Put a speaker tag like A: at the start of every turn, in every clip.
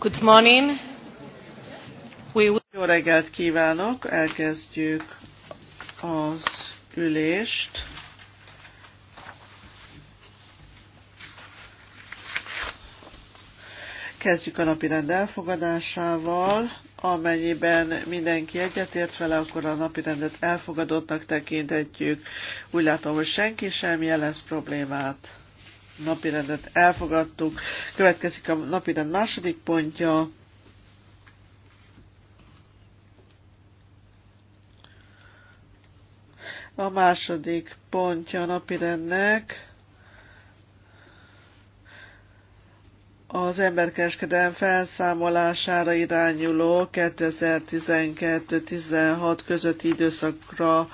A: Good morning. We will... Jó reggelt kívánok, elkezdjük az ülést. Kezdjük a napi rend elfogadásával. Amennyiben mindenki egyetért vele, akkor a napi rendet elfogadottnak tekinthetjük. Úgy látom, hogy senki sem jelez problémát napirendet elfogadtuk. Következik a napirend második pontja. A második pontja a napirendnek az emberkereskedelem felszámolására irányuló 2012-16 közötti időszakra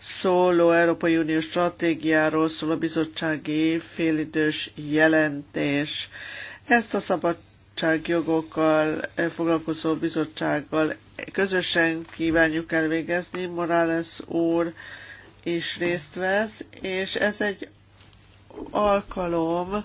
A: szóló Európai Unió stratégiáról szól a bizottsági félidős jelentés. Ezt a szabadságjogokkal foglalkozó bizottsággal közösen kívánjuk elvégezni. Morales úr is részt vesz, és ez egy alkalom,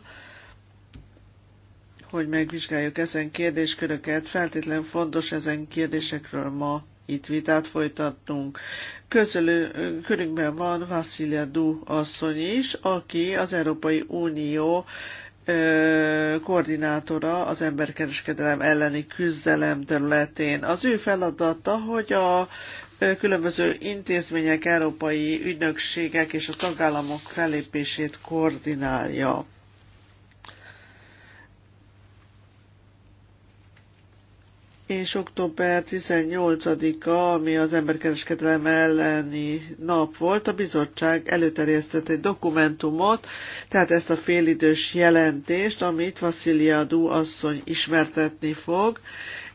A: hogy megvizsgáljuk ezen kérdésköröket. Feltétlenül fontos ezen kérdésekről ma itt vitát folytattunk. Közölő, körünkben van Vasilia Du asszony is, aki az Európai Unió koordinátora az emberkereskedelem elleni küzdelem területén. Az ő feladata, hogy a különböző intézmények, európai ügynökségek és a tagállamok fellépését koordinálja. és október 18-a, ami az emberkereskedelem elleni nap volt, a bizottság előterjesztett egy dokumentumot, tehát ezt a félidős jelentést, amit Vasziliadú asszony ismertetni fog,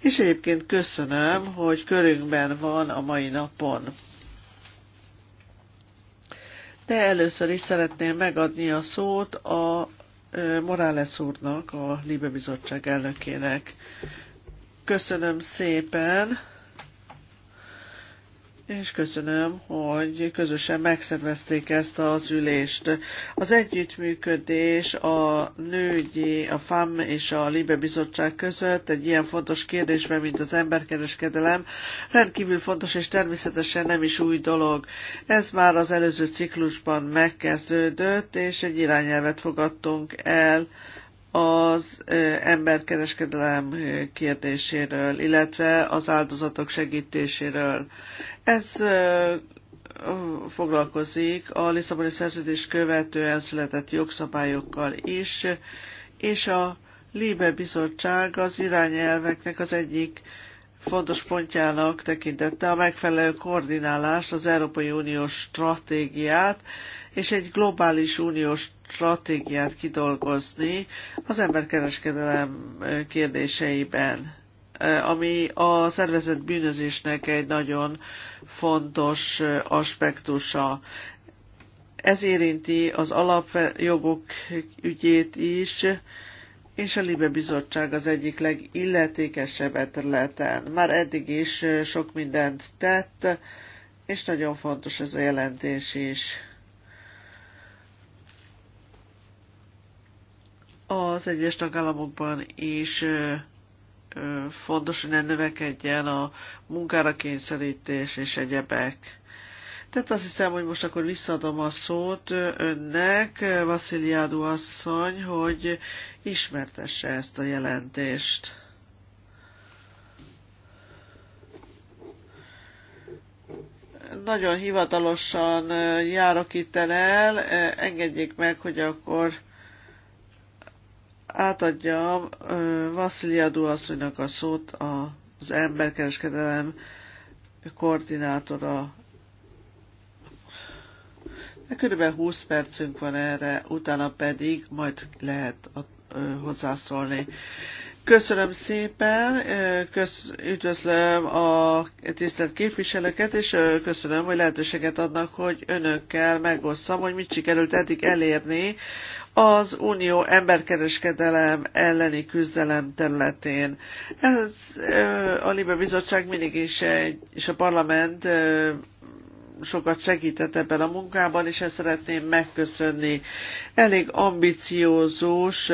A: és egyébként köszönöm, hogy körünkben van a mai napon. De először is szeretném megadni a szót a Morales úrnak, a Libe Bizottság elnökének. Köszönöm szépen, és köszönöm, hogy közösen megszervezték ezt az ülést. Az együttműködés a nőgyi, a FAM és a Libe Bizottság között egy ilyen fontos kérdésben, mint az emberkereskedelem, rendkívül fontos és természetesen nem is új dolog. Ez már az előző ciklusban megkezdődött, és egy irányelvet fogadtunk el az emberkereskedelem kérdéséről, illetve az áldozatok segítéséről. Ez foglalkozik a Lisszaboni szerződés követően született jogszabályokkal is, és a Libe Bizottság az irányelveknek az egyik fontos pontjának tekintette a megfelelő koordinálást, az Európai Uniós stratégiát, és egy globális uniós stratégiát kidolgozni az emberkereskedelem kérdéseiben, ami a szervezet bűnözésnek egy nagyon fontos aspektusa. Ez érinti az alapjogok ügyét is, és a Libe Bizottság az egyik legilletékesebb területen. Már eddig is sok mindent tett, és nagyon fontos ez a jelentés is. Az egyes tagállamokban is fontos, hogy ne növekedjen a munkára kényszerítés és egyebek. Tehát azt hiszem, hogy most akkor visszaadom a szót önnek, Vasziliádu asszony, hogy ismertesse ezt a jelentést. Nagyon hivatalosan járok itt el, engedjék meg, hogy akkor átadjam Vasziliádu asszonynak a szót az emberkereskedelem koordinátora Körülbelül 20 percünk van erre, utána pedig majd lehet a, ö, hozzászólni. Köszönöm szépen, kösz, üdvözlöm a tisztelt képviselőket, és köszönöm, hogy lehetőséget adnak, hogy önökkel megosszam, hogy mit sikerült eddig elérni az unió emberkereskedelem elleni küzdelem területén. Ez a Libe Bizottság mindig is egy, és a parlament sokat segített ebben a munkában, és ezt szeretném megköszönni. Elég ambiciózus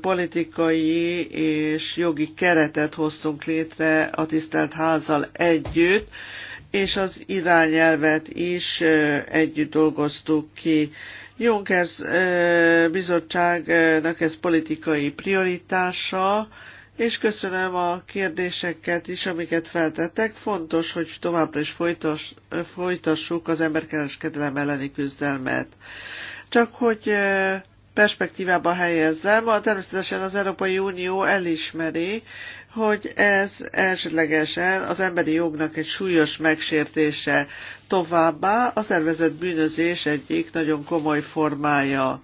A: politikai és jogi keretet hoztunk létre a tisztelt házal együtt, és az irányelvet is együtt dolgoztuk ki. Junkers bizottságnak ez politikai prioritása, és köszönöm a kérdéseket is, amiket feltettek. Fontos, hogy továbbra is folytassuk az emberkereskedelem elleni küzdelmet. Csak hogy e, perspektívába helyezzem, a természetesen az Európai Unió elismeri, hogy ez elsődlegesen az emberi jognak egy súlyos megsértése, továbbá a szervezet bűnözés egyik nagyon komoly formája.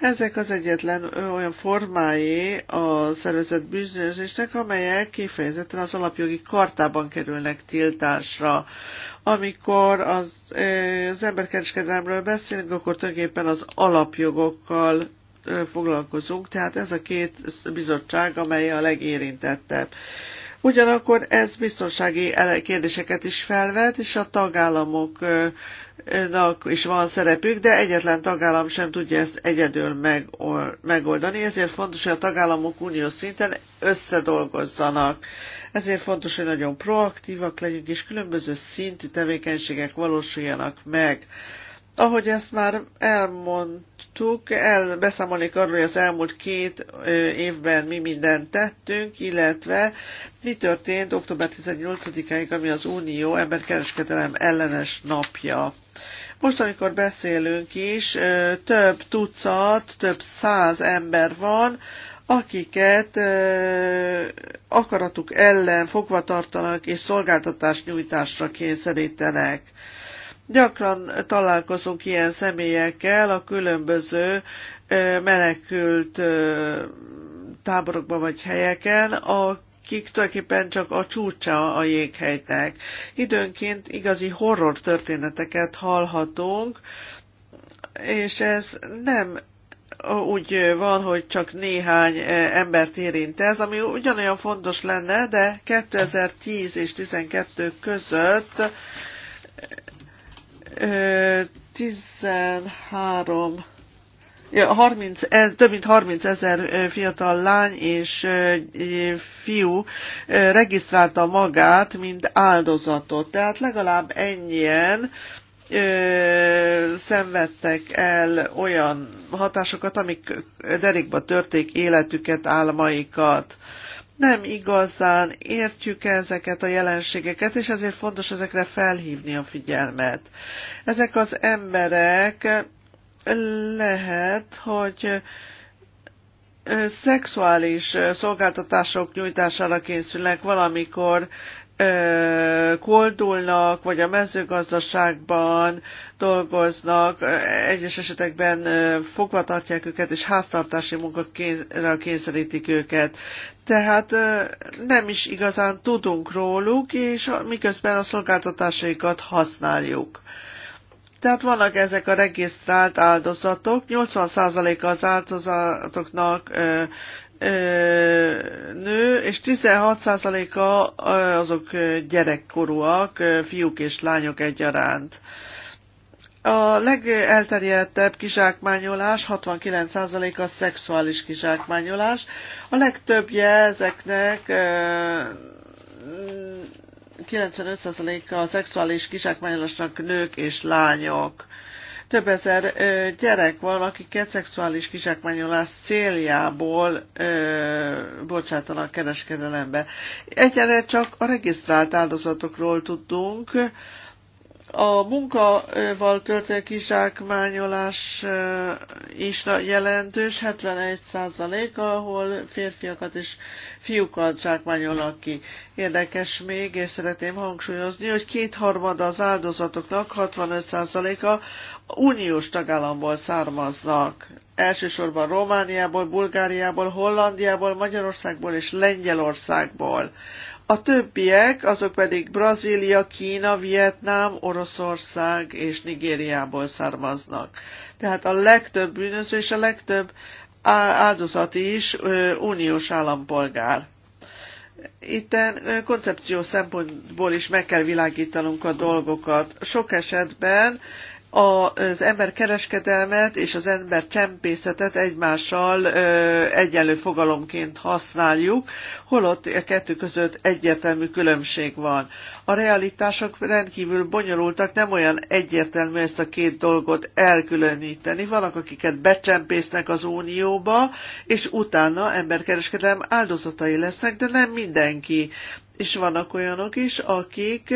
A: Ezek az egyetlen olyan formái a szervezett bűnözésnek, amelyek kifejezetten az alapjogi kartában kerülnek tiltásra. Amikor az, az emberkereskedelemről beszélünk, akkor tulajdonképpen az alapjogokkal foglalkozunk, tehát ez a két bizottság, amely a legérintettebb. Ugyanakkor ez biztonsági kérdéseket is felvet, és a tagállamoknak is van szerepük, de egyetlen tagállam sem tudja ezt egyedül megoldani, ezért fontos, hogy a tagállamok uniós szinten összedolgozzanak. Ezért fontos, hogy nagyon proaktívak legyünk, és különböző szintű tevékenységek valósuljanak meg ahogy ezt már elmondtuk, el, beszámolik arról, hogy az elmúlt két évben mi mindent tettünk, illetve mi történt október 18-áig, ami az Unió emberkereskedelem ellenes napja. Most, amikor beszélünk is, több tucat, több száz ember van, akiket akaratuk ellen fogva tartanak és szolgáltatás nyújtásra kényszerítenek. Gyakran találkozunk ilyen személyekkel a különböző menekült táborokban vagy helyeken, a akik tulajdonképpen csak a csúcsa a jéghelytek. Időnként igazi horror történeteket hallhatunk, és ez nem úgy van, hogy csak néhány embert érint ez, ami ugyanolyan fontos lenne, de 2010 és 12 között 13 ja, 30, ez, több mint 30 ezer fiatal lány és fiú regisztrálta magát, mint áldozatot. Tehát legalább ennyien ö, szenvedtek el olyan hatásokat, amik derékba törték életüket, álmaikat. Ö, nem igazán értjük ezeket a jelenségeket, és ezért fontos ezekre felhívni a figyelmet. Ezek az emberek lehet, hogy szexuális szolgáltatások nyújtására készülnek valamikor koldulnak, vagy a mezőgazdaságban dolgoznak, egyes esetekben fogva tartják őket, és háztartási munkára kényszerítik őket. Tehát nem is igazán tudunk róluk, és miközben a szolgáltatásaikat használjuk. Tehát vannak ezek a regisztrált áldozatok, 80%-a az áldozatoknak nő, és 16%-a azok gyerekkorúak, fiúk és lányok egyaránt. A legelterjedtebb kizsákmányolás, 69% a szexuális kizsákmányolás. A legtöbbje ezeknek 95% a szexuális kizsákmányolásnak nők és lányok több ezer gyerek van, akiket szexuális kizsákmányolás céljából ö, bocsátanak kereskedelembe. Egyre csak a regisztrált áldozatokról tudunk, a munkával történő kizsákmányolás eh, is jelentős, 71 ahol férfiakat és fiúkat zsákmányolnak ki. Érdekes még, és szeretném hangsúlyozni, hogy kétharmada az áldozatoknak, 65 a uniós tagállamból származnak. Elsősorban Romániából, Bulgáriából, Hollandiából, Magyarországból és Lengyelországból. A többiek, azok pedig Brazília, Kína, Vietnám, Oroszország és Nigériából származnak. Tehát a legtöbb bűnöző és a legtöbb áldozat is uniós állampolgár. Itten koncepció szempontból is meg kell világítanunk a dolgokat. Sok esetben az ember kereskedelmet és az ember csempészetet egymással ö, egyenlő fogalomként használjuk, holott a kettő között egyértelmű különbség van. A realitások rendkívül bonyolultak, nem olyan egyértelmű ezt a két dolgot elkülöníteni. Vannak, akiket becsempésznek az unióba, és utána emberkereskedelem áldozatai lesznek, de nem mindenki. És vannak olyanok is, akik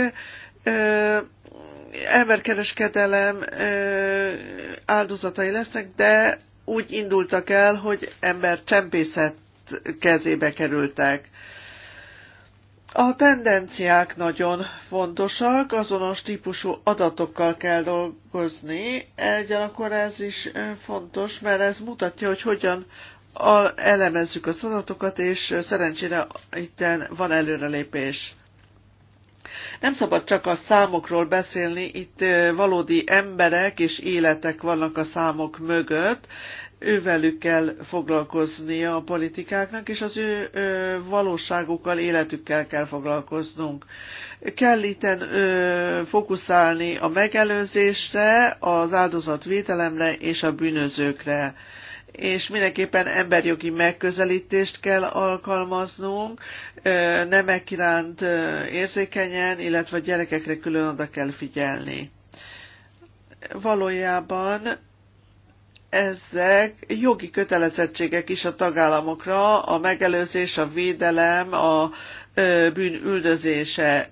A: ö, emberkereskedelem áldozatai lesznek, de úgy indultak el, hogy ember csempészet kezébe kerültek. A tendenciák nagyon fontosak, azonos típusú adatokkal kell dolgozni, ugyanakkor ez is fontos, mert ez mutatja, hogy hogyan elemezzük az adatokat, és szerencsére itt van előrelépés. Nem szabad csak a számokról beszélni, itt valódi emberek és életek vannak a számok mögött, ővelük kell foglalkoznia a politikáknak, és az ő ö, valóságukkal, életükkel kell foglalkoznunk. Kell itt fókuszálni a megelőzésre, az áldozatvételemre és a bűnözőkre és mindenképpen emberjogi megközelítést kell alkalmaznunk, nemek iránt érzékenyen, illetve a gyerekekre külön oda kell figyelni. Valójában ezek jogi kötelezettségek is a tagállamokra, a megelőzés, a védelem, a bűn üldözése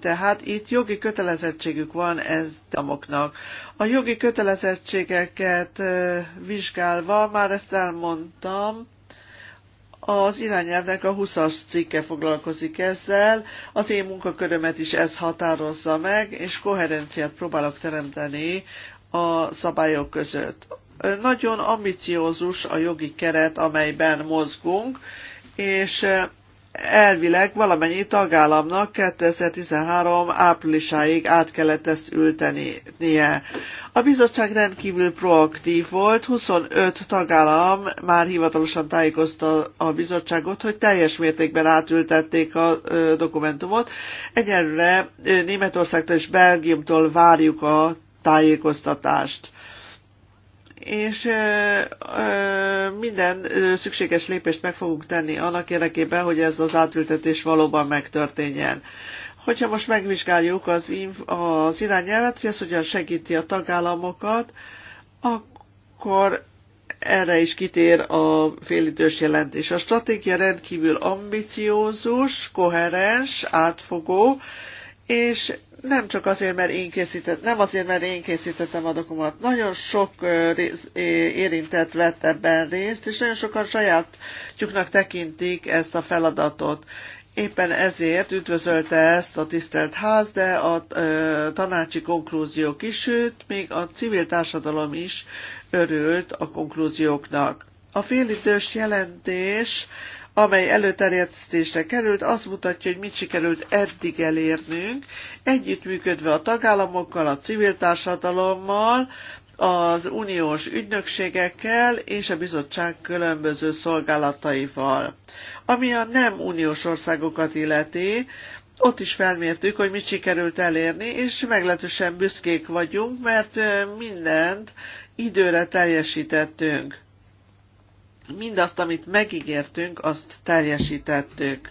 A: tehát itt jogi kötelezettségük van ez damoknak. A jogi kötelezettségeket vizsgálva, már ezt elmondtam, az irányelvnek a 20-as cikke foglalkozik ezzel, az én munkakörömet is ez határozza meg, és koherenciát próbálok teremteni a szabályok között. Nagyon ambiciózus a jogi keret, amelyben mozgunk, és elvileg valamennyi tagállamnak 2013 áprilisáig át kellett ezt ültenie. A bizottság rendkívül proaktív volt, 25 tagállam már hivatalosan tájékozta a bizottságot, hogy teljes mértékben átültették a dokumentumot. Egyelőre Németországtól és Belgiumtól várjuk a tájékoztatást és minden szükséges lépést meg fogunk tenni annak érdekében, hogy ez az átültetés valóban megtörténjen. Hogyha most megvizsgáljuk az, az irányelvet, hogy ez hogyan segíti a tagállamokat, akkor erre is kitér a félidős jelentés. A stratégia rendkívül ambiciózus, koherens, átfogó, és nem csak azért, mert én készített, nem azért, mert én készítettem a dokumentumot. Nagyon sok érintett vett ebben részt, és nagyon sokan sajátjuknak tekintik ezt a feladatot. Éppen ezért üdvözölte ezt a tisztelt ház, de a ö, tanácsi konklúziók is, sőt, még a civil társadalom is örült a konklúzióknak. A félidős jelentés amely előterjesztésre került, azt mutatja, hogy mit sikerült eddig elérnünk, együttműködve a tagállamokkal, a civil társadalommal, az uniós ügynökségekkel és a bizottság különböző szolgálataival. Ami a nem uniós országokat illeti, ott is felmértük, hogy mit sikerült elérni, és meglehetősen büszkék vagyunk, mert mindent időre teljesítettünk mindazt, amit megígértünk, azt teljesítettük.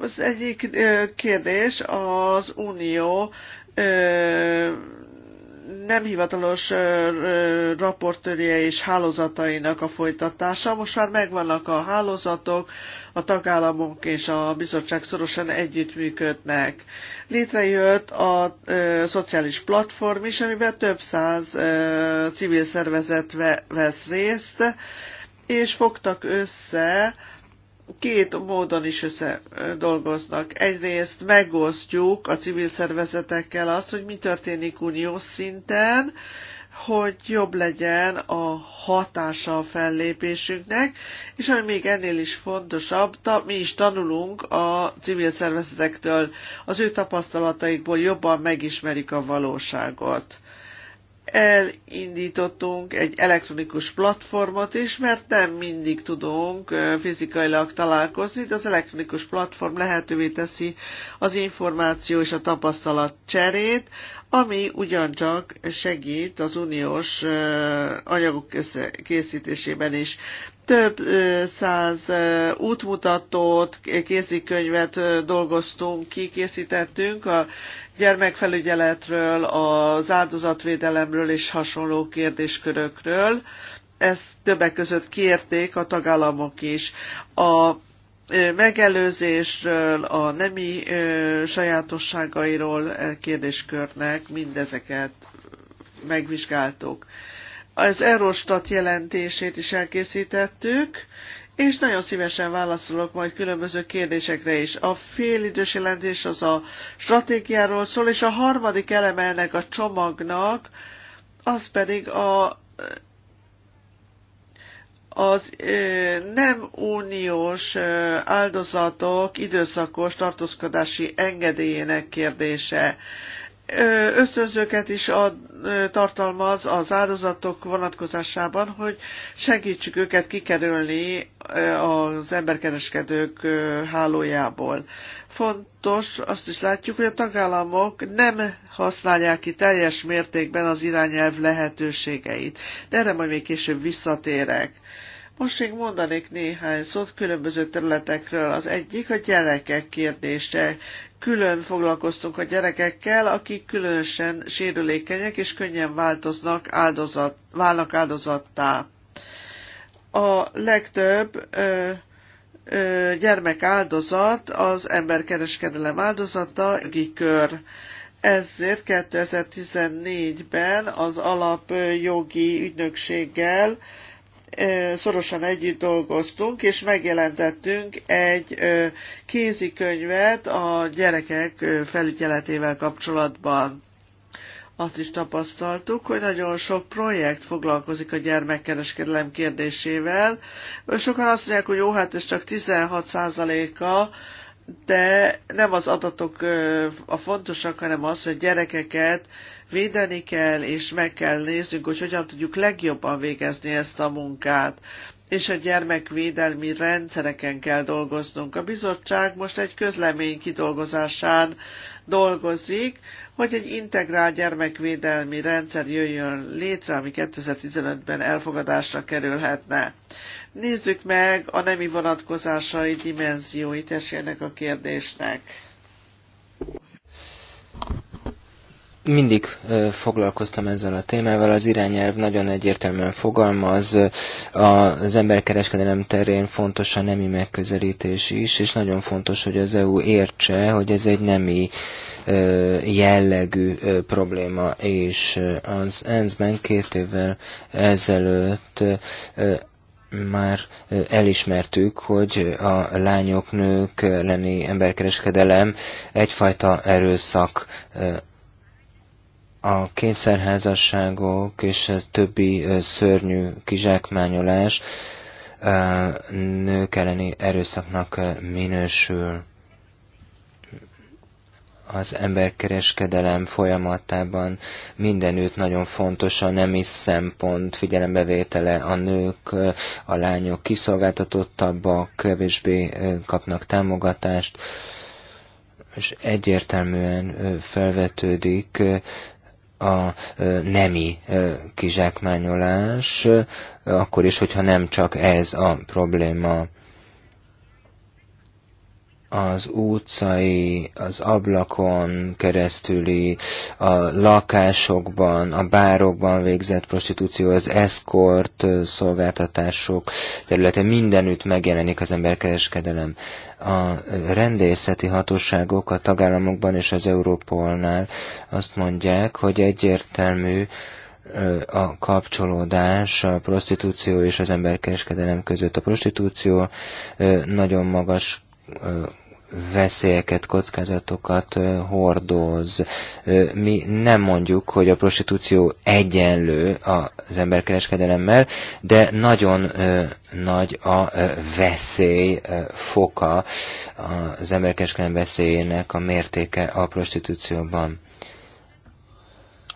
A: Az egyik kérdés az unió nem hivatalos raportőrje és hálózatainak a folytatása. Most már megvannak a hálózatok, a tagállamok és a bizottság szorosan együttműködnek. Létrejött a szociális platform is, amiben több száz civil szervezet vesz részt, és fogtak össze két módon is össze dolgoznak. Egyrészt megosztjuk a civil szervezetekkel azt, hogy mi történik uniós szinten, hogy jobb legyen a hatása a fellépésünknek, és ami még ennél is fontosabb, ta, mi is tanulunk a civil szervezetektől, az ő tapasztalataikból jobban megismerik a valóságot elindítottunk egy elektronikus platformot is, mert nem mindig tudunk fizikailag találkozni, de az elektronikus platform lehetővé teszi az információ és a tapasztalat cserét, ami ugyancsak segít az uniós anyagok készítésében is. Több száz útmutatót, kézikönyvet dolgoztunk kikészítettünk a gyermekfelügyeletről, az áldozatvédelemről és hasonló kérdéskörökről ezt többek között kérték a tagállamok is. A megelőzésről, a nemi sajátosságairól kérdéskörnek mindezeket megvizsgáltuk. Az Eurostat jelentését is elkészítettük, és nagyon szívesen válaszolok majd különböző kérdésekre is. A félidős jelentés az a stratégiáról szól, és a harmadik eleme ennek a csomagnak, az pedig a az nem uniós áldozatok időszakos tartózkodási engedélyének kérdése ösztönzőket is ad, tartalmaz az áldozatok vonatkozásában, hogy segítsük őket kikerülni az emberkereskedők hálójából. Fontos, azt is látjuk, hogy a tagállamok nem használják ki teljes mértékben az irányelv lehetőségeit, de erre majd még később visszatérek. Most még mondanék néhány szót különböző területekről. Az egyik a gyerekek kérdése. Külön foglalkoztunk a gyerekekkel, akik különösen sérülékenyek és könnyen változnak áldozat, válnak áldozattá. A legtöbb ö, ö, gyermek áldozat az emberkereskedelem áldozata, kör. Ezért 2014-ben az alapjogi ügynökséggel szorosan együtt dolgoztunk, és megjelentettünk egy kézikönyvet a gyerekek felügyeletével kapcsolatban. Azt is tapasztaltuk, hogy nagyon sok projekt foglalkozik a gyermekkereskedelem kérdésével. Sokan azt mondják, hogy jó, hát ez csak 16%-a, de nem az adatok a fontosak, hanem az, hogy gyerekeket védeni kell, és meg kell néznünk, hogy hogyan tudjuk legjobban végezni ezt a munkát és a gyermekvédelmi rendszereken kell dolgoznunk. A bizottság most egy közlemény kidolgozásán dolgozik, hogy egy integrál gyermekvédelmi rendszer jöjjön létre, ami 2015-ben elfogadásra kerülhetne. Nézzük meg a nemi vonatkozásai dimenzióit ennek a kérdésnek
B: mindig foglalkoztam ezzel a témával, az irányelv nagyon egyértelműen fogalmaz, az emberkereskedelem terén fontos a nemi megközelítés is, és nagyon fontos, hogy az EU értse, hogy ez egy nemi jellegű probléma, és az ENSZ-ben két évvel ezelőtt már elismertük, hogy a lányok, nők lenni emberkereskedelem egyfajta erőszak a kényszerházasságok és a többi szörnyű kizsákmányolás nők elleni erőszaknak minősül. Az emberkereskedelem folyamatában mindenütt nagyon fontos a nemi szempont figyelembevétele. A nők, a lányok kiszolgáltatottabbak, kevésbé kapnak támogatást, és egyértelműen felvetődik a nemi kizsákmányolás, akkor is, hogyha nem csak ez a probléma az utcai, az ablakon keresztüli, a lakásokban, a bárokban végzett prostitúció, az eszkort szolgáltatások területe mindenütt megjelenik az emberkereskedelem. A rendészeti hatóságok a tagállamokban és az Európolnál azt mondják, hogy egyértelmű, a kapcsolódás a prostitúció és az emberkereskedelem között. A prostitúció nagyon magas veszélyeket, kockázatokat hordoz. Mi nem mondjuk, hogy a prostitúció egyenlő az emberkereskedelemmel, de nagyon nagy a veszély foka, az emberkereskedelem veszélyének a mértéke a prostitúcióban.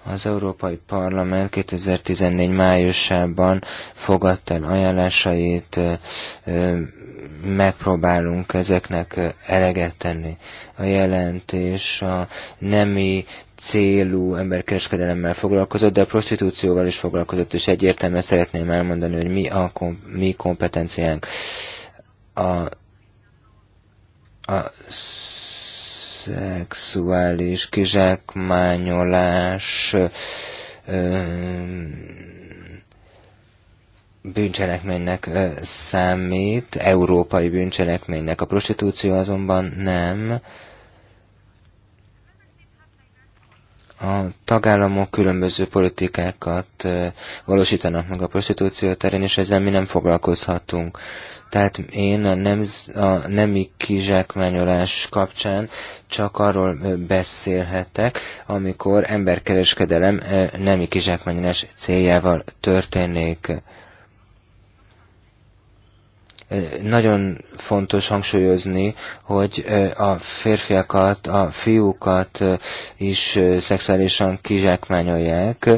B: Az Európai Parlament 2014 májusában fogadta el ajánlásait, megpróbálunk ezeknek eleget tenni. A jelentés a nemi célú emberkereskedelemmel foglalkozott, de a prostitúcióval is foglalkozott, és egyértelműen szeretném elmondani, hogy mi a kom mi kompetenciánk. A, a szexuális kizsákmányolás bűncselekménynek számít, európai bűncselekménynek. A prostitúció azonban nem. a tagállamok különböző politikákat valósítanak meg a prostitúció terén, és ezzel mi nem foglalkozhatunk. Tehát én a, nem, a nemi kizsákmányolás kapcsán csak arról beszélhetek, amikor emberkereskedelem nemi kizsákmányolás céljával történik. Nagyon fontos hangsúlyozni, hogy a férfiakat, a fiúkat is szexuálisan kizsákmányolják,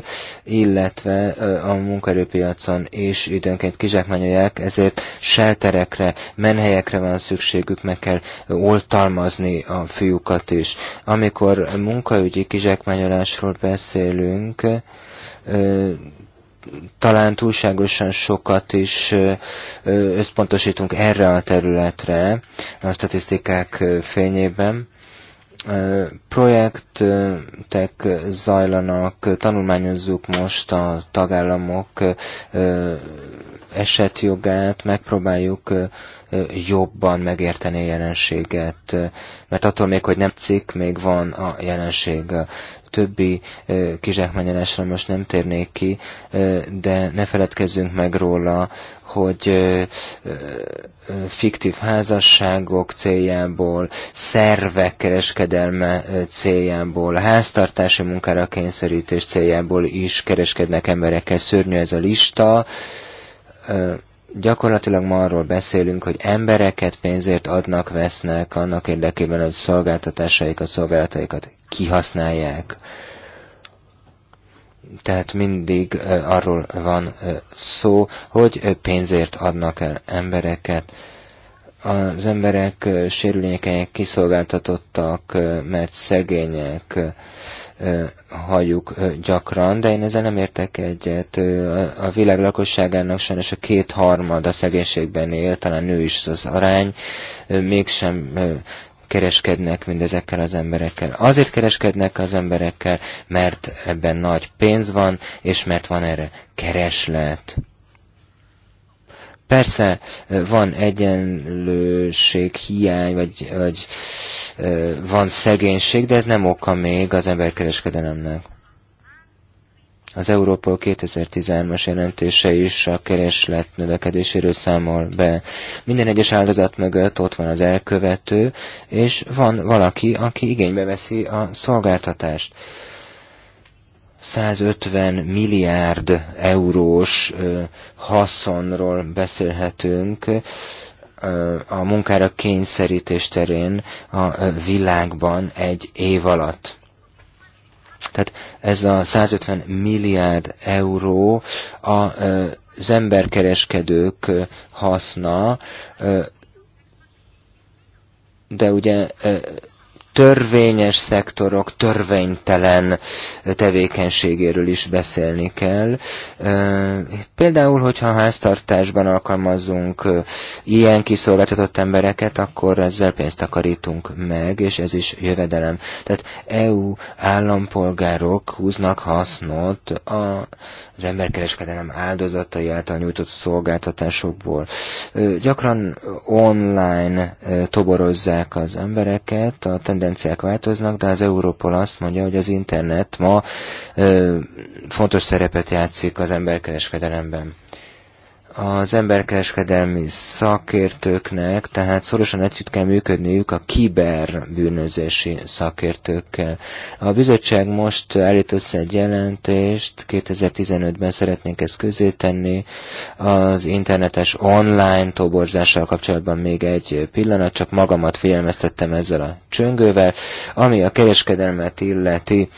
B: illetve a munkaerőpiacon is időnként kizsákmányolják, ezért selterekre, menhelyekre van szükségük, meg kell oltalmazni a fiúkat is. Amikor munkaügyi kizsákmányolásról beszélünk, talán túlságosan sokat is összpontosítunk erre a területre a statisztikák fényében. Projektek zajlanak, tanulmányozzuk most a tagállamok esetjogát megpróbáljuk jobban megérteni a jelenséget, mert attól még, hogy nem cikk, még van a jelenség. A többi kizsákmányolásra most nem térnék ki, de ne feledkezzünk meg róla, hogy fiktív házasságok céljából, szervek kereskedelme céljából, háztartási munkára kényszerítés céljából is kereskednek emberekkel. Szörnyű ez a lista, gyakorlatilag ma arról beszélünk, hogy embereket pénzért adnak, vesznek annak érdekében, hogy szolgáltatásaikat, szolgálataikat kihasználják. Tehát mindig arról van szó, hogy pénzért adnak el embereket. Az emberek sérülékenyek, kiszolgáltatottak, mert szegények, halljuk gyakran, de én ezzel nem értek egyet. A világ lakosságának sajnos a kétharmada szegénységben él, talán nő is az, az arány, mégsem kereskednek mindezekkel az emberekkel. Azért kereskednek az emberekkel, mert ebben nagy pénz van, és mert van erre kereslet. Persze van egyenlőség, hiány, vagy, vagy van szegénység, de ez nem oka még az emberkereskedelemnek. Az Európol 2013-as jelentése is a kereslet növekedéséről számol be. Minden egyes áldozat mögött ott van az elkövető, és van valaki, aki igénybe veszi a szolgáltatást. 150 milliárd eurós haszonról beszélhetünk a munkára kényszerítés terén a világban egy év alatt. Tehát ez a 150 milliárd euró az emberkereskedők haszna, de ugye törvényes szektorok törvénytelen tevékenységéről is beszélni kell. Például, hogyha a háztartásban alkalmazunk ilyen kiszolgáltatott embereket, akkor ezzel pénzt takarítunk meg, és ez is jövedelem. Tehát EU állampolgárok húznak hasznot az emberkereskedelem áldozatai által nyújtott szolgáltatásokból. Gyakran online toborozzák az embereket, a tendenciák változnak, de az Európol azt mondja, hogy az internet ma ö, fontos szerepet játszik az emberkereskedelemben az emberkereskedelmi szakértőknek, tehát szorosan együtt kell működniük a kiberbűnözési szakértőkkel. A bizottság most állít össze egy jelentést, 2015-ben szeretnénk ezt közé tenni, az internetes online toborzással kapcsolatban még egy pillanat, csak magamat figyelmeztettem ezzel a csöngővel, ami a kereskedelmet illeti,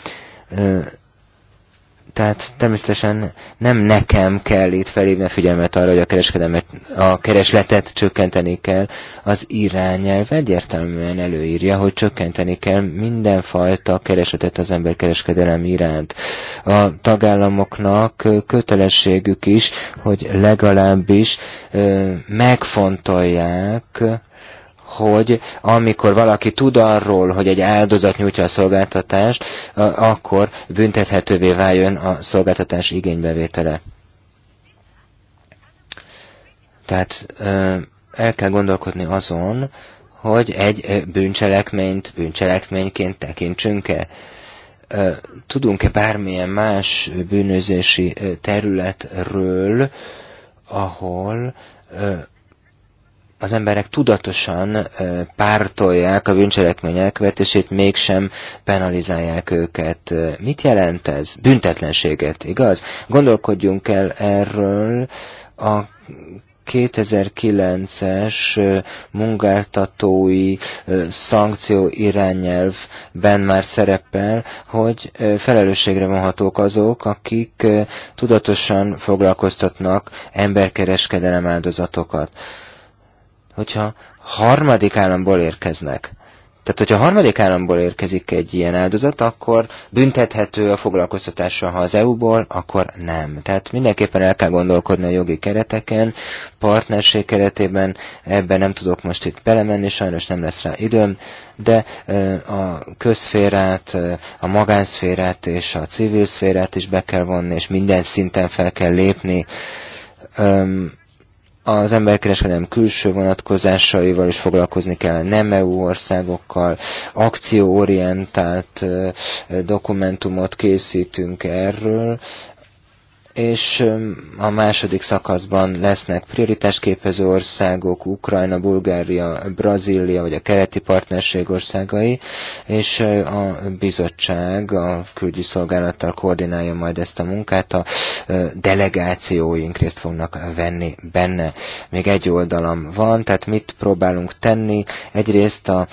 B: tehát természetesen nem nekem kell itt felhívni a figyelmet arra, hogy a, kereskedelmet, a keresletet csökkenteni kell. Az irányelv egyértelműen előírja, hogy csökkenteni kell mindenfajta keresletet az kereskedelem iránt. A tagállamoknak kötelességük is, hogy legalábbis megfontolják hogy amikor valaki tud arról, hogy egy áldozat nyújtja a szolgáltatást, akkor büntethetővé váljon a szolgáltatás igénybevétele. Tehát el kell gondolkodni azon, hogy egy bűncselekményt bűncselekményként tekintsünk-e. Tudunk-e bármilyen más bűnözési területről, ahol az emberek tudatosan pártolják a bűncselekmény elkövetését, mégsem penalizálják őket. Mit jelent ez? Büntetlenséget, igaz? Gondolkodjunk el erről a 2009-es munkáltatói szankció irányelvben már szerepel, hogy felelősségre vonhatók azok, akik tudatosan foglalkoztatnak emberkereskedelem áldozatokat hogyha harmadik államból érkeznek. Tehát, hogyha a harmadik államból érkezik egy ilyen áldozat, akkor büntethető a foglalkoztatása, ha az EU-ból, akkor nem. Tehát mindenképpen el kell gondolkodni a jogi kereteken, partnerség keretében, ebben nem tudok most itt belemenni, sajnos nem lesz rá időm, de a közszférát, a magánszférát és a civil szférát is be kell vonni, és minden szinten fel kell lépni az emberkereskedelem külső vonatkozásaival is foglalkozni kell, nem EU országokkal, akcióorientált dokumentumot készítünk erről, és a második szakaszban lesznek prioritásképező országok, Ukrajna, Bulgária, Brazília vagy a kereti partnerség országai, és a bizottság a külügyi szolgálattal koordinálja majd ezt a munkát, a delegációink részt fognak venni benne. Még egy oldalam van, tehát mit próbálunk tenni? Egyrészt a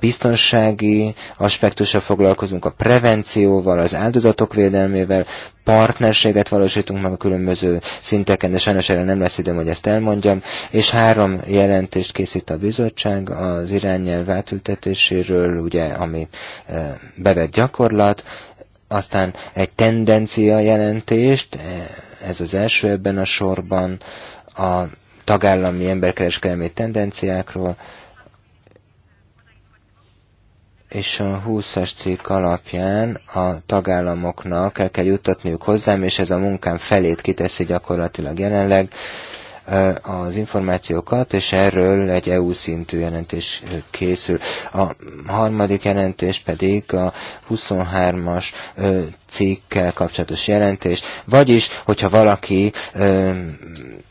B: biztonsági aspektusra foglalkozunk, a prevencióval, az áldozatok védelmével, partnerséget valósítunk meg a különböző szinteken, de sajnos erre nem lesz időm, hogy ezt elmondjam, és három jelentést készít a bizottság az irányelv átültetéséről, ugye, ami bevett gyakorlat, aztán egy tendencia jelentést, ez az első ebben a sorban, a tagállami emberkereskedelmi tendenciákról, és a 20-as cikk alapján a tagállamoknak el kell juttatniuk hozzám, és ez a munkám felét kiteszi gyakorlatilag jelenleg. E, az információkat, és erről egy EU szintű jelentés e, készül. A harmadik jelentés pedig a 23-as e, cikkkel kapcsolatos jelentés, vagyis, hogyha valaki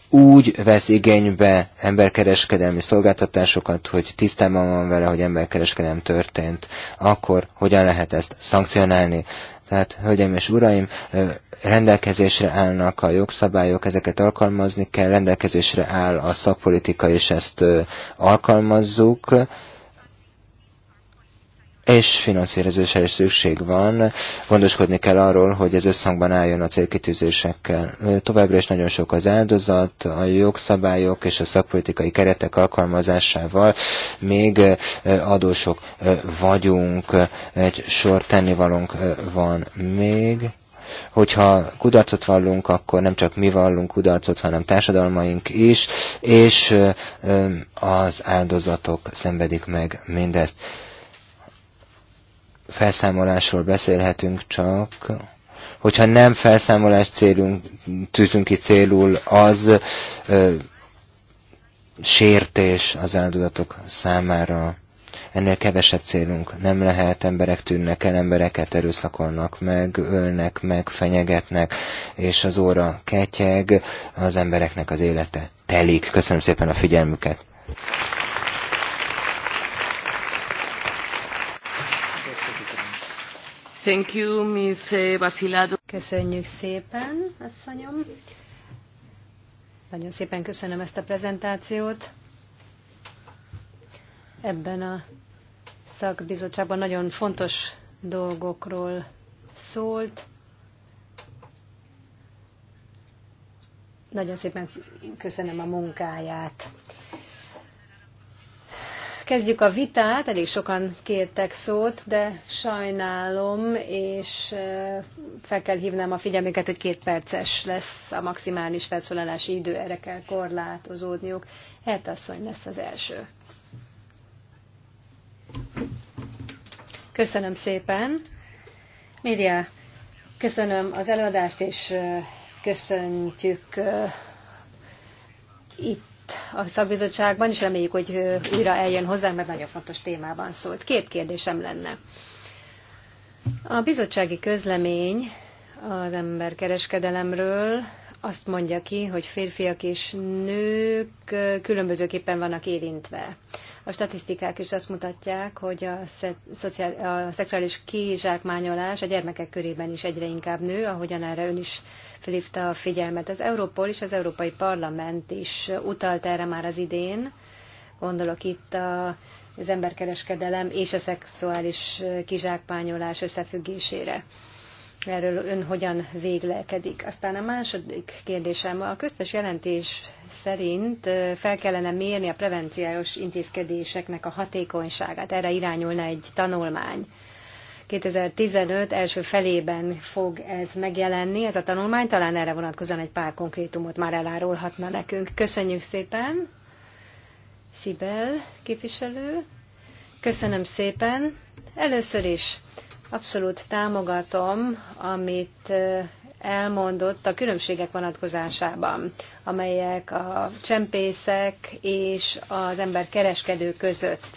B: úgy vesz igénybe emberkereskedelmi szolgáltatásokat, hogy tisztában van vele, hogy emberkereskedelem történt, akkor hogyan lehet ezt szankcionálni? Tehát, hölgyeim és uraim, rendelkezésre állnak a jogszabályok, ezeket alkalmazni kell, rendelkezésre áll a szakpolitika, és ezt alkalmazzuk, és finanszírozásra is szükség van. Gondoskodni kell arról, hogy ez összhangban álljon a célkitűzésekkel. Továbbra is nagyon sok az áldozat, a jogszabályok és a szakpolitikai keretek alkalmazásával még adósok vagyunk, egy sor tennivalónk van még. Hogyha kudarcot vallunk, akkor nem csak mi vallunk kudarcot, hanem társadalmaink is, és az áldozatok szenvedik meg mindezt. Felszámolásról beszélhetünk csak, hogyha nem felszámolás célunk, tűzünk ki célul, az sértés az áldozatok számára. Ennél kevesebb célunk nem lehet, emberek tűnnek el, embereket erőszakolnak meg, ölnek meg, fenyegetnek, és az óra ketyeg, az embereknek az élete telik. Köszönöm szépen a figyelmüket!
C: Thank you, Ms. Vasilado. Köszönjük szépen, asszonyom. Nagyon szépen köszönöm ezt a prezentációt ebben a szakbizottságban nagyon fontos dolgokról szólt. Nagyon szépen köszönöm a munkáját. Kezdjük a vitát, elég sokan kértek szót, de sajnálom, és fel kell hívnám a figyelmüket, hogy két perces lesz a maximális felszólalási idő, erre kell korlátozódniuk. Hát asszony lesz az első. Köszönöm szépen. Mirja, köszönöm az előadást, és köszöntjük itt a szakbizottságban, és reméljük, hogy újra eljön hozzánk, mert nagyon fontos témában szólt. Két kérdésem lenne. A bizottsági közlemény az emberkereskedelemről azt mondja ki, hogy férfiak és nők különbözőképpen vannak érintve a statisztikák is azt mutatják, hogy a, szociál, a szexuális kizsákmányolás a gyermekek körében is egyre inkább nő, ahogyan erre ön is felhívta a figyelmet. Az Európol és az Európai Parlament is utalt erre már az idén. Gondolok itt a, az emberkereskedelem és a szexuális kizsákmányolás összefüggésére erről ön hogyan véglelkedik. Aztán a második kérdésem, a köztes jelentés szerint fel kellene mérni a prevenciós intézkedéseknek a hatékonyságát. Erre irányulna egy tanulmány. 2015 első felében fog ez megjelenni, ez a tanulmány, talán erre vonatkozóan egy pár konkrétumot már elárulhatna nekünk. Köszönjük szépen, Szibel képviselő. Köszönöm szépen. Először is Abszolút támogatom, amit elmondott a különbségek vonatkozásában, amelyek a csempészek és az kereskedő között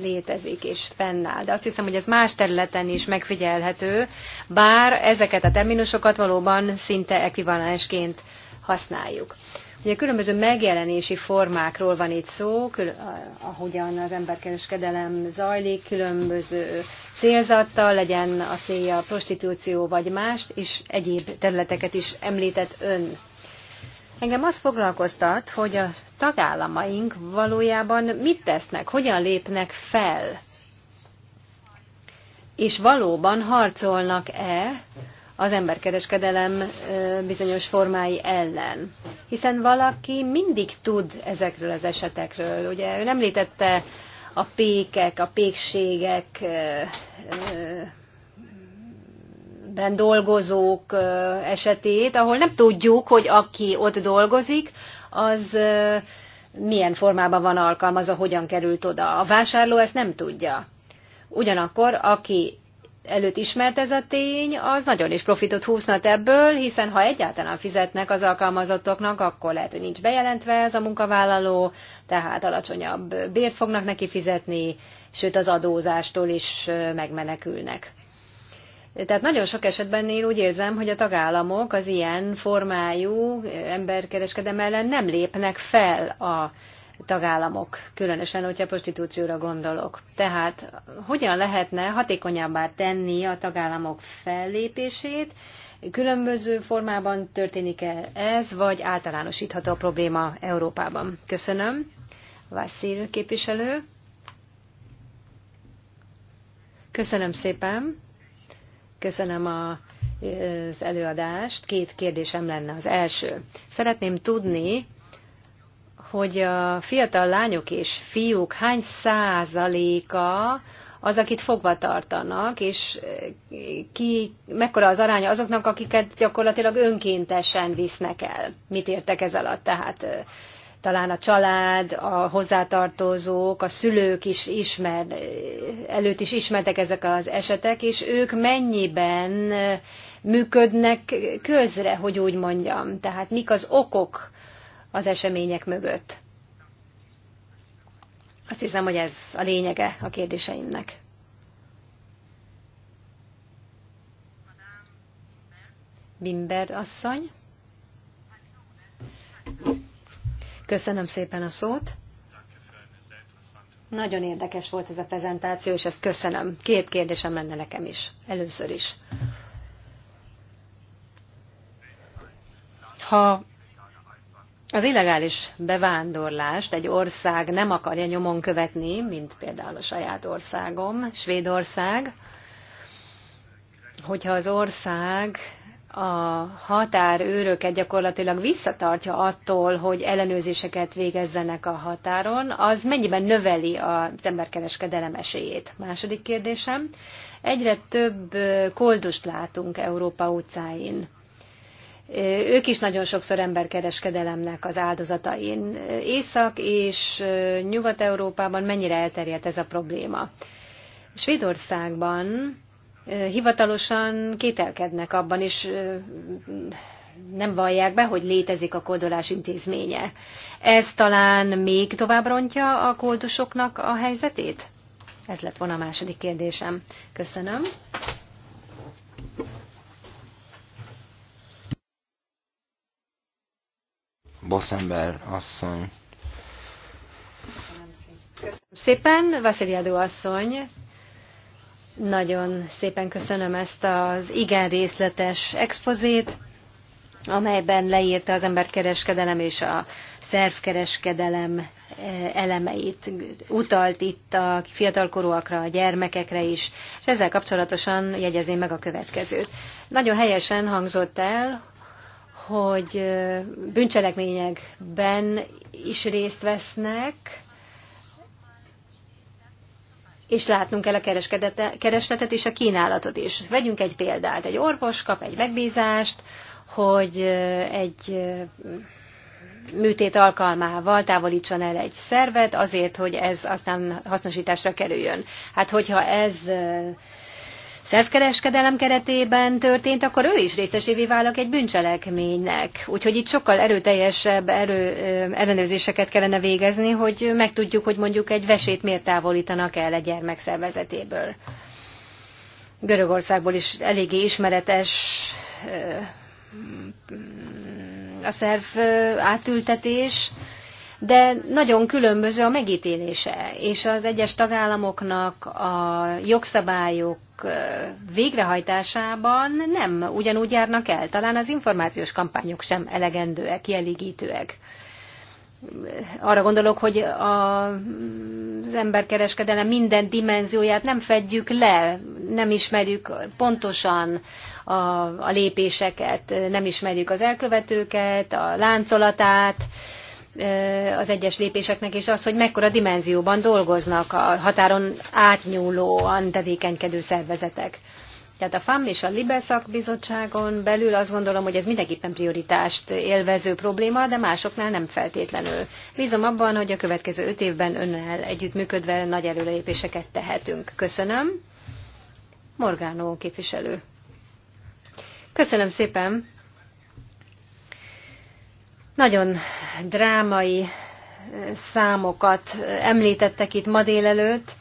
C: létezik és fennáll. De azt hiszem, hogy ez más területen is megfigyelhető, bár ezeket a terminusokat valóban szinte ekvivalensként használjuk. Ugye különböző megjelenési formákról van itt szó, kül, ahogyan az emberkereskedelem zajlik, különböző célzattal, legyen a célja a prostitúció vagy mást, és egyéb területeket is említett ön. Engem az foglalkoztat, hogy a tagállamaink valójában mit tesznek, hogyan lépnek fel, és valóban harcolnak-e az emberkereskedelem bizonyos formái ellen. Hiszen valaki mindig tud ezekről az esetekről. Ugye ő említette a pékek, a pékségek ben dolgozók esetét, ahol nem tudjuk, hogy aki ott dolgozik, az milyen formában van alkalmazva, hogyan került oda. A vásárló ezt nem tudja. Ugyanakkor, aki előtt ismert ez a tény, az nagyon is profitot húzhat ebből, hiszen ha egyáltalán fizetnek az alkalmazottoknak, akkor lehet, hogy nincs bejelentve ez a munkavállaló, tehát alacsonyabb bért fognak neki fizetni, sőt az adózástól is megmenekülnek. Tehát nagyon sok esetben én úgy érzem, hogy a tagállamok az ilyen formájú emberkereskedem ellen nem lépnek fel a tagállamok, különösen, hogyha prostitúcióra gondolok. Tehát hogyan lehetne hatékonyabbá tenni a tagállamok fellépését, Különböző formában történik-e ez, vagy általánosítható a probléma Európában? Köszönöm. Vászil képviselő. Köszönöm szépen. Köszönöm a, az előadást. Két kérdésem lenne az első. Szeretném tudni, hogy a fiatal lányok és fiúk hány százaléka az, akit fogva tartanak, és eh, ki, mekkora az aránya azoknak, akiket gyakorlatilag önkéntesen visznek el. Mit értek ez alatt? Tehát eh, talán a család, a hozzátartozók, a szülők is ismer, eh, előtt is ismertek ezek az esetek, és ők mennyiben működnek közre, hogy úgy mondjam. Tehát mik az okok, az események mögött. Azt hiszem, hogy ez a lényege a kérdéseimnek. Bimber asszony. Köszönöm szépen a szót. Nagyon érdekes volt ez a prezentáció, és ezt köszönöm. Két kérdésem lenne nekem is. Először is. Ha az illegális bevándorlást egy ország nem akarja nyomon követni, mint például a saját országom, Svédország, hogyha az ország a határőröket gyakorlatilag visszatartja attól, hogy ellenőrzéseket végezzenek a határon, az mennyiben növeli az emberkereskedelem esélyét? Második kérdésem. Egyre több koldust látunk Európa utcáin. Ők is nagyon sokszor emberkereskedelemnek az áldozatai. Észak és Nyugat-Európában mennyire elterjedt ez a probléma? Svédországban hivatalosan kételkednek abban, és nem vallják be, hogy létezik a koldolás intézménye. Ez talán még tovább rontja a koldusoknak a helyzetét? Ez lett volna a második kérdésem. Köszönöm.
B: Boszember asszony.
C: Köszönöm szépen, Vasziliadó asszony. Nagyon szépen köszönöm ezt az igen részletes expozét, amelyben leírta az emberkereskedelem és a szervkereskedelem eh, elemeit. Utalt itt a fiatalkorúakra, a gyermekekre is, és ezzel kapcsolatosan jegyezém meg a következőt. Nagyon helyesen hangzott el, hogy bűncselekményekben is részt vesznek, és látnunk kell a keresletet és a kínálatot is. Vegyünk egy példát. Egy orvos kap egy megbízást, hogy egy műtét alkalmával távolítson el egy szervet azért, hogy ez aztán hasznosításra kerüljön. Hát hogyha ez szervkereskedelem keretében történt, akkor ő is részesévé válik egy bűncselekménynek. Úgyhogy itt sokkal erőteljesebb erő, ellenőrzéseket kellene végezni, hogy megtudjuk, hogy mondjuk egy vesét miért távolítanak el egy gyermek szervezetéből. Görögországból is eléggé ismeretes mm, a szerv átültetés, de nagyon különböző a megítélése, és az egyes tagállamoknak a jogszabályok végrehajtásában nem ugyanúgy járnak el. Talán az információs kampányok sem elegendőek, kielégítőek. Arra gondolok, hogy a, az emberkereskedelem minden dimenzióját nem fedjük le, nem ismerjük pontosan a, a lépéseket, nem ismerjük az elkövetőket, a láncolatát, az egyes lépéseknek, és az, hogy mekkora dimenzióban dolgoznak a határon átnyúlóan tevékenykedő szervezetek. Tehát a FAM és a Libeszak bizottságon belül azt gondolom, hogy ez mindenképpen prioritást élvező probléma, de másoknál nem feltétlenül. Bízom abban, hogy a következő öt évben önnel együttműködve nagy előrelépéseket tehetünk. Köszönöm. Morgánó képviselő. Köszönöm szépen. Nagyon drámai eh, számokat eh, említettek itt ma délelőtt,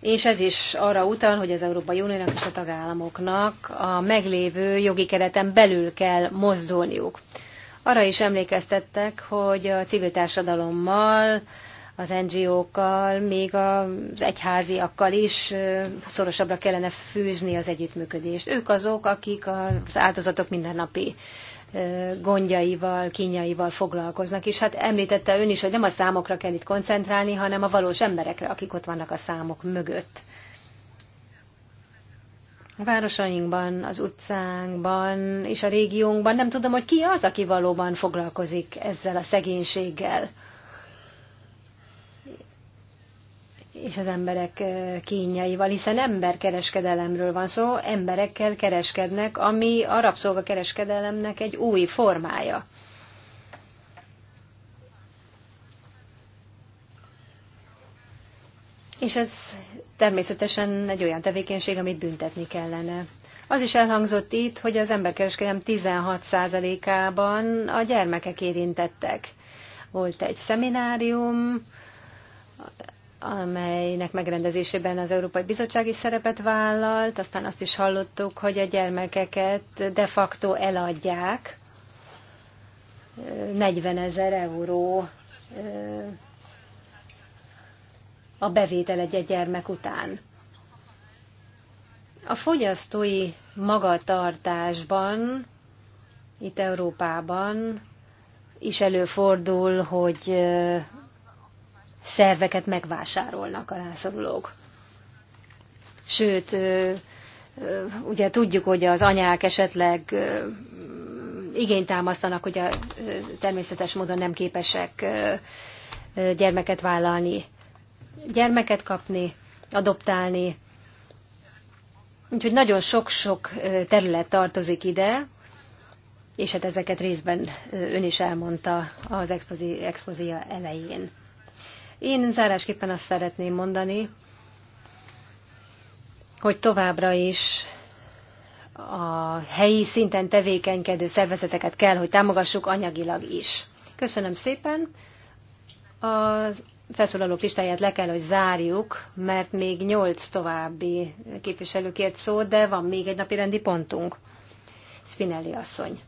C: és ez is arra utal, hogy az Európai Uniónak és a tagállamoknak a meglévő jogi kereten belül kell mozdulniuk. Arra is emlékeztettek, hogy a civil társadalommal, az NGO-kkal, még az egyháziakkal is eh, szorosabbra kellene fűzni az együttműködést. Ők azok, akik az áldozatok mindennapi gondjaival, kínjaival foglalkoznak. És hát említette ön is, hogy nem a számokra kell itt koncentrálni, hanem a valós emberekre, akik ott vannak a számok mögött. A városainkban, az utcánkban és a régiónkban nem tudom, hogy ki az, aki valóban foglalkozik ezzel a szegénységgel. és az emberek kényeival, hiszen emberkereskedelemről van szó, emberekkel kereskednek, ami a rabszolgakereskedelemnek egy új formája. És ez természetesen egy olyan tevékenység, amit büntetni kellene. Az is elhangzott itt, hogy az emberkereskedelem 16%-ában a gyermekek érintettek. Volt egy szeminárium, amelynek megrendezésében az Európai Bizottság is szerepet vállalt, aztán azt is hallottuk, hogy a gyermekeket de facto eladják 40 ezer euró a bevétel egy gyermek után. A fogyasztói magatartásban, itt Európában is előfordul, hogy szerveket megvásárolnak a rászorulók. Sőt, ugye tudjuk, hogy az anyák esetleg igényt támasztanak, hogy a természetes módon nem képesek gyermeket vállalni, gyermeket kapni, adoptálni. Úgyhogy nagyon sok-sok terület tartozik ide, és hát ezeket részben ön is elmondta az expozia elején. Én zárásképpen azt szeretném mondani, hogy továbbra is a helyi szinten tevékenykedő szervezeteket kell, hogy támogassuk anyagilag is. Köszönöm szépen. A felszólalók listáját le kell, hogy zárjuk, mert még nyolc további képviselőkért szó, de van még egy napi rendi pontunk. Spinelli asszony.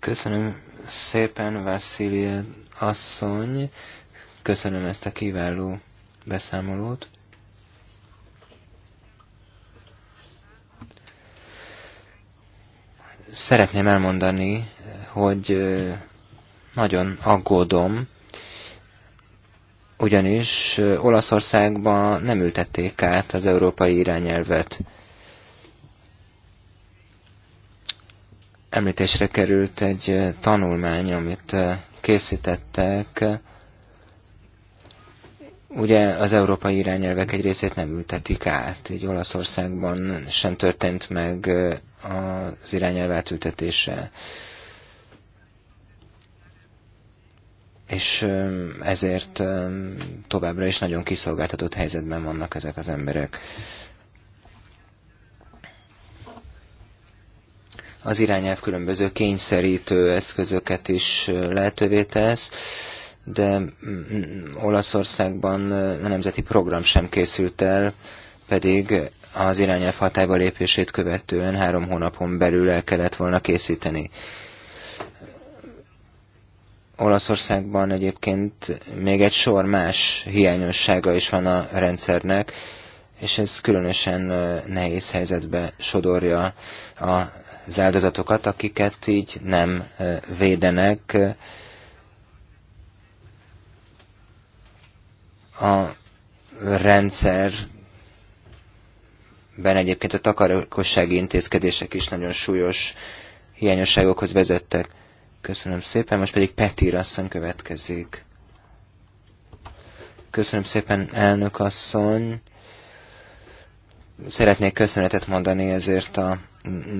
B: Köszönöm szépen, Vasszília asszony. Köszönöm ezt a kiváló beszámolót. Szeretném elmondani, hogy nagyon aggódom, ugyanis Olaszországban nem ültették át az európai irányelvet. Említésre került egy eh, tanulmány, amit eh, készítettek. Ugye az európai irányelvek egy részét nem ültetik át, így Olaszországban sem történt meg eh, az irányelv átültetése. És ezért továbbra is nagyon kiszolgáltatott helyzetben vannak ezek az emberek. Az irányelv különböző kényszerítő eszközöket is lehetővé tesz, de mm, mm, Olaszországban a nemzeti program sem készült el, pedig az irányelv hatályba lépését követően három hónapon belül el kellett volna készíteni. Olaszországban egyébként még egy sor más hiányossága is van a rendszernek, és ez különösen nehéz helyzetbe sodorja a az áldozatokat, akiket így nem védenek. A rendszerben, egyébként a takarékossági intézkedések is nagyon súlyos hiányosságokhoz vezettek. Köszönöm szépen, most pedig Petir asszony következik. Köszönöm szépen, elnök asszony. Szeretnék köszönetet mondani ezért a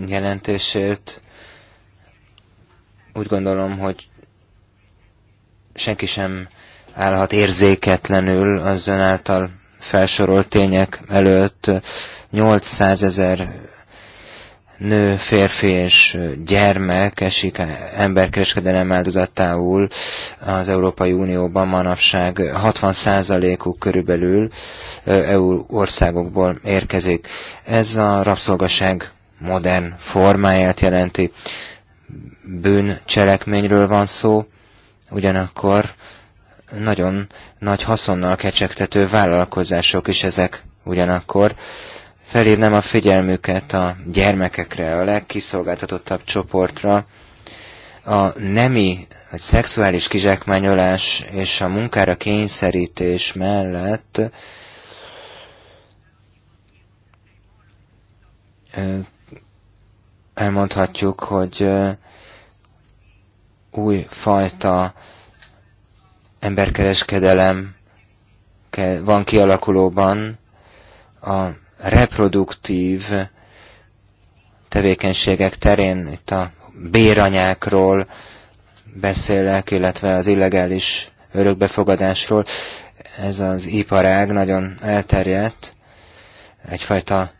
B: jelentését. Úgy gondolom, hogy senki sem állhat érzéketlenül az ön által felsorolt tények előtt. 800 ezer nő, férfi és gyermek esik emberkereskedelem áldozatául az Európai Unióban manapság 60%-uk körülbelül EU országokból érkezik. Ez a rabszolgaság modern formáját jelenti. Bűncselekményről van szó, ugyanakkor nagyon nagy haszonnal kecsegtető vállalkozások is ezek ugyanakkor. Felhívnám a figyelmüket a gyermekekre, a legkiszolgáltatottabb csoportra. A nemi, vagy szexuális kizsákmányolás és a munkára kényszerítés mellett elmondhatjuk, hogy új fajta emberkereskedelem van kialakulóban a reproduktív tevékenységek terén, itt a béranyákról beszélek, illetve az illegális örökbefogadásról. Ez az iparág nagyon elterjedt, egyfajta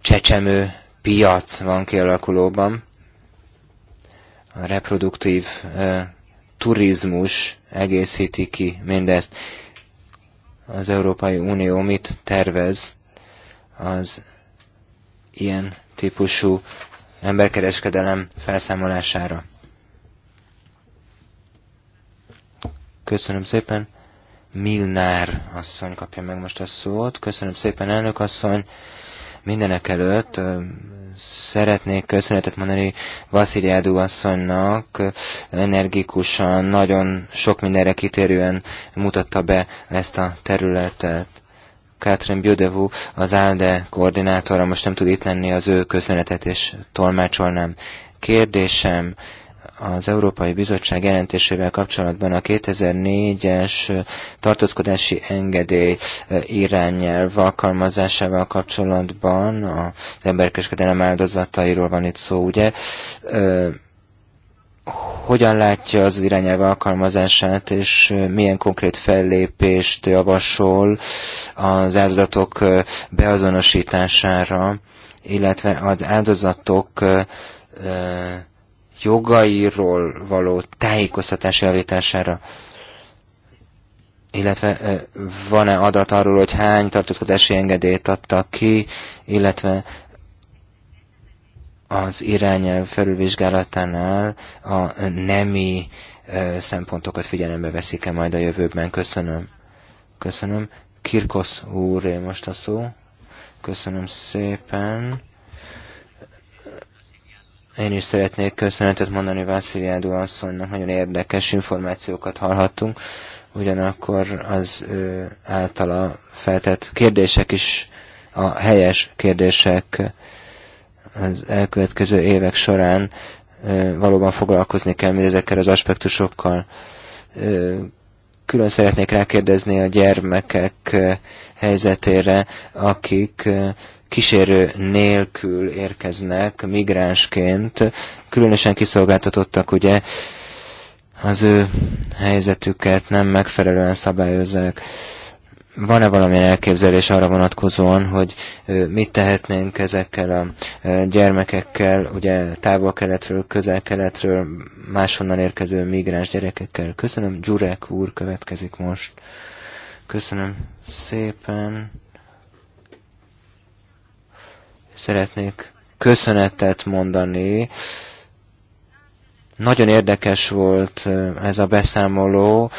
B: csecsemő piac van kialakulóban. A reproduktív turizmus egészíti ki mindezt. Az Európai Unió mit tervez az ilyen típusú emberkereskedelem felszámolására? Köszönöm szépen. Milnár asszony kapja meg most a szót. Köszönöm szépen, elnök asszony. Mindenek előtt szeretnék köszönetet mondani Vasziliádú asszonynak, energikusan, nagyon sok mindenre kitérően mutatta be ezt a területet. Catherine Biodevu, az ALDE koordinátora most nem tud itt lenni, az ő köszönetet és tolmácsolnám. Kérdésem, az Európai Bizottság jelentésével kapcsolatban a 2004-es tartózkodási engedély eh, irányelv alkalmazásával kapcsolatban az emberkereskedelem áldozatairól van itt szó, ugye? Eh, hogyan látja az irányelv alkalmazását, és eh, milyen konkrét fellépést javasol az áldozatok beazonosítására, illetve az áldozatok jogairól való tájékoztatás javítására? Illetve van-e adat arról, hogy hány tartózkodási engedélyt adtak ki, illetve az irányelv felülvizsgálatánál a nemi szempontokat figyelembe veszik-e majd a jövőben? Köszönöm. Köszönöm. Kirkosz úr, most a szó. Köszönöm szépen. Én is szeretnék köszönetet mondani Vásziliádó asszonynak, nagyon érdekes információkat hallhattunk, ugyanakkor az ő általa feltett kérdések is a helyes kérdések az elkövetkező évek során valóban foglalkozni kell mindezekkel az aspektusokkal. Külön szeretnék rákérdezni a gyermekek helyzetére, akik kísérő nélkül érkeznek migránsként, különösen kiszolgáltatottak, ugye az ő helyzetüket nem megfelelően szabályozzák. Van-e valamilyen elképzelés arra vonatkozóan, hogy mit tehetnénk ezekkel a gyermekekkel, ugye távol-keletről, közel-keletről, máshonnan érkező migráns gyerekekkel? Köszönöm, Gyurek úr következik most. Köszönöm szépen. Szeretnék köszönetet mondani. Nagyon érdekes volt ez a beszámoló,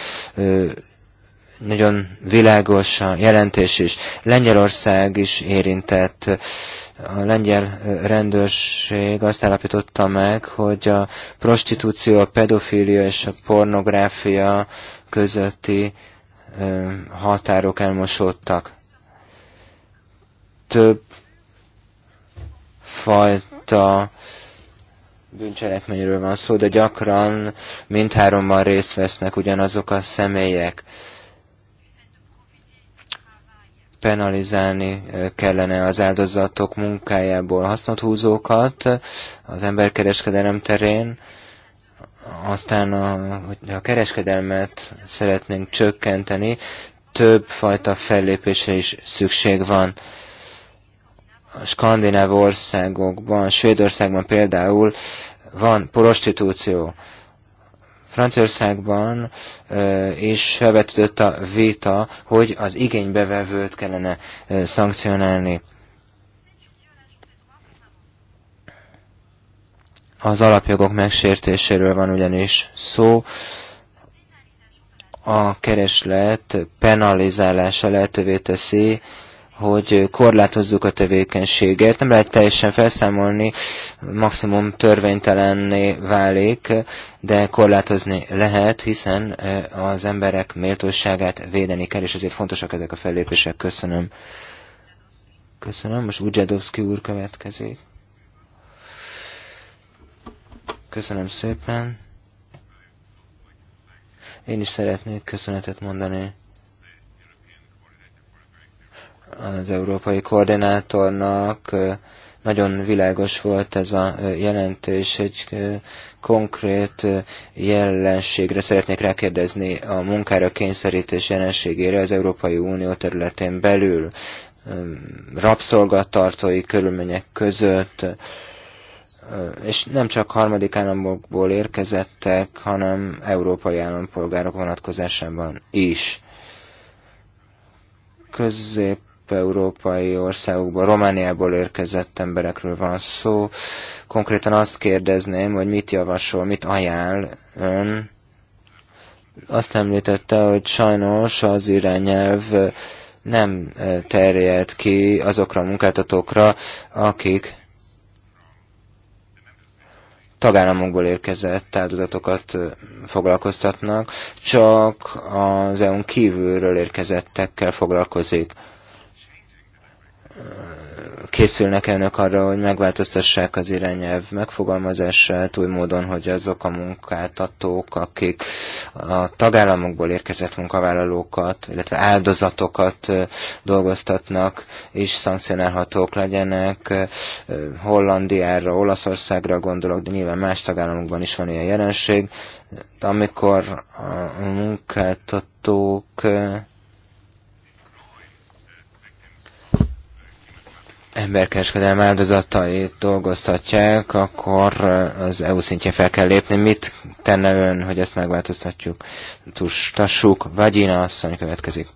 B: nagyon világos a jelentés is. Lengyelország is érintett. A lengyel rendőrség azt állapította meg, hogy a prostitúció, a pedofília és a pornográfia közötti határok elmosódtak. Több fajta bűncselekményről van szó, de gyakran mindhárommal részt vesznek ugyanazok a személyek. Penalizálni eh, kellene az áldozatok munkájából hasznot húzókat az emberkereskedelem terén, aztán a, a kereskedelmet szeretnénk csökkenteni, több fajta fellépése is szükség van a skandináv országokban, Svédországban például van prostitúció. Franciaországban és felvetődött a véta, hogy az igénybevevőt kellene szankcionálni. Az alapjogok megsértéséről van ugyanis szó. A kereslet penalizálása lehetővé teszi hogy korlátozzuk a tevékenységet, nem lehet teljesen felszámolni, maximum törvénytelenné válik, de korlátozni lehet, hiszen e, az emberek méltóságát védeni kell, és ezért fontosak ezek a fellépések. Köszönöm. Köszönöm. Most Ugyadovszki úr következik. Köszönöm szépen. Én is szeretnék köszönetet mondani az európai koordinátornak nagyon világos volt ez a jelentés, egy konkrét jelenségre szeretnék rákérdezni a munkára kényszerítés jelenségére az Európai Unió területén belül, rabszolgatartói körülmények között, és nem csak harmadik államokból érkezettek, hanem európai állampolgárok vonatkozásában is. Közép európai országokból, Romániából érkezett emberekről van szó. Konkrétan azt kérdezném, hogy mit javasol, mit ajánl ön. Azt említette, hogy sajnos az irányelv nem eh, terjed ki azokra a munkáltatókra, akik tagállamokból érkezett áldozatokat eh, foglalkoztatnak, csak az EU-n kívülről érkezettekkel foglalkozik készülnek elnök arra, hogy megváltoztassák az irányelv megfogalmazását új módon, hogy azok a munkáltatók, akik a tagállamokból érkezett munkavállalókat, illetve áldozatokat dolgoztatnak, is szankcionálhatók legyenek. Hollandiára, Olaszországra gondolok, de nyilván más tagállamokban is van ilyen jelenség. De amikor a munkáltatók emberkereskedelem áldozatait dolgoztatják, akkor az EU szintje fel kell lépni. Mit tenne ön, hogy ezt megváltoztatjuk? Tustassuk, Vagyina asszony következik.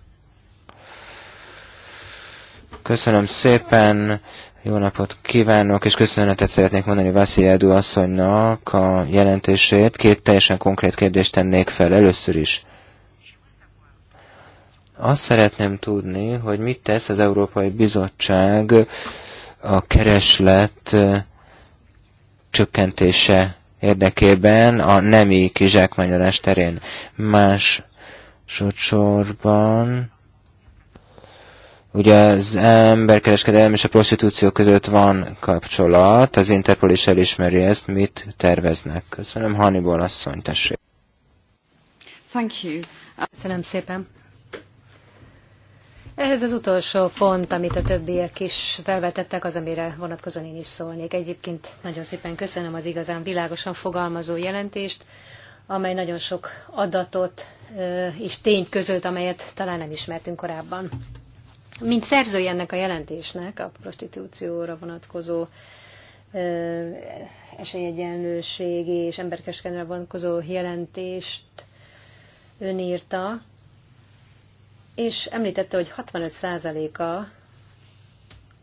B: Köszönöm szépen, jó napot kívánok, és köszönetet szeretnék mondani Edu asszonynak a jelentését. Két teljesen konkrét kérdést tennék fel először is. Azt szeretném tudni, hogy mit tesz az Európai Bizottság a kereslet csökkentése érdekében a nemi kizsákmányolás terén. Más sorban ugye az emberkereskedelem és a prostitúció között van kapcsolat, az Interpol is elismeri ezt, mit terveznek. Köszönöm, Hannibal asszony, tessék.
C: Thank you. Köszönöm szépen. Ez az utolsó pont, amit a többiek is felvetettek, az, amire vonatkozóan én is szólnék. Egyébként nagyon szépen köszönöm az igazán világosan fogalmazó jelentést, amely nagyon sok adatot és tényt közölt, amelyet talán nem ismertünk korábban. Mint szerzői ennek a jelentésnek, a prostitúcióra vonatkozó esélyegyenlőség és emberkeskedőre vonatkozó jelentést ön írta, és említette, hogy 65%-a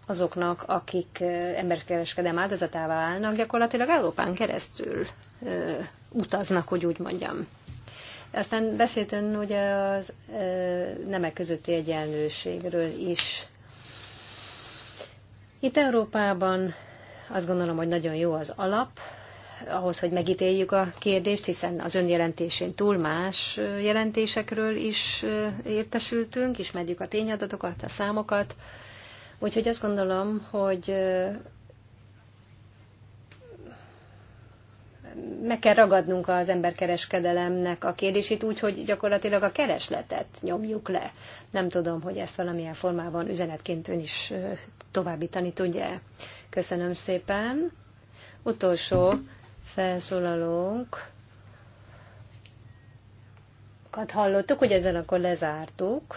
C: azoknak, akik emberkereskedelem áldozatává állnak, gyakorlatilag Európán keresztül utaznak, hogy úgy mondjam. Aztán beszélt ön ugye az nemek közötti egyenlőségről is. Itt Európában azt gondolom, hogy nagyon jó az alap, ahhoz, hogy megítéljük a kérdést, hiszen az jelentésén túl más jelentésekről is értesültünk, ismerjük a tényadatokat, a számokat. Úgyhogy azt gondolom, hogy meg kell ragadnunk az emberkereskedelemnek a kérdését úgy, hogy gyakorlatilag a keresletet nyomjuk le. Nem tudom, hogy ezt valamilyen formában üzenetként ön is továbbítani tudja. Köszönöm szépen. Utolsó felszólalónk hallottuk, hogy ezzel akkor lezártuk.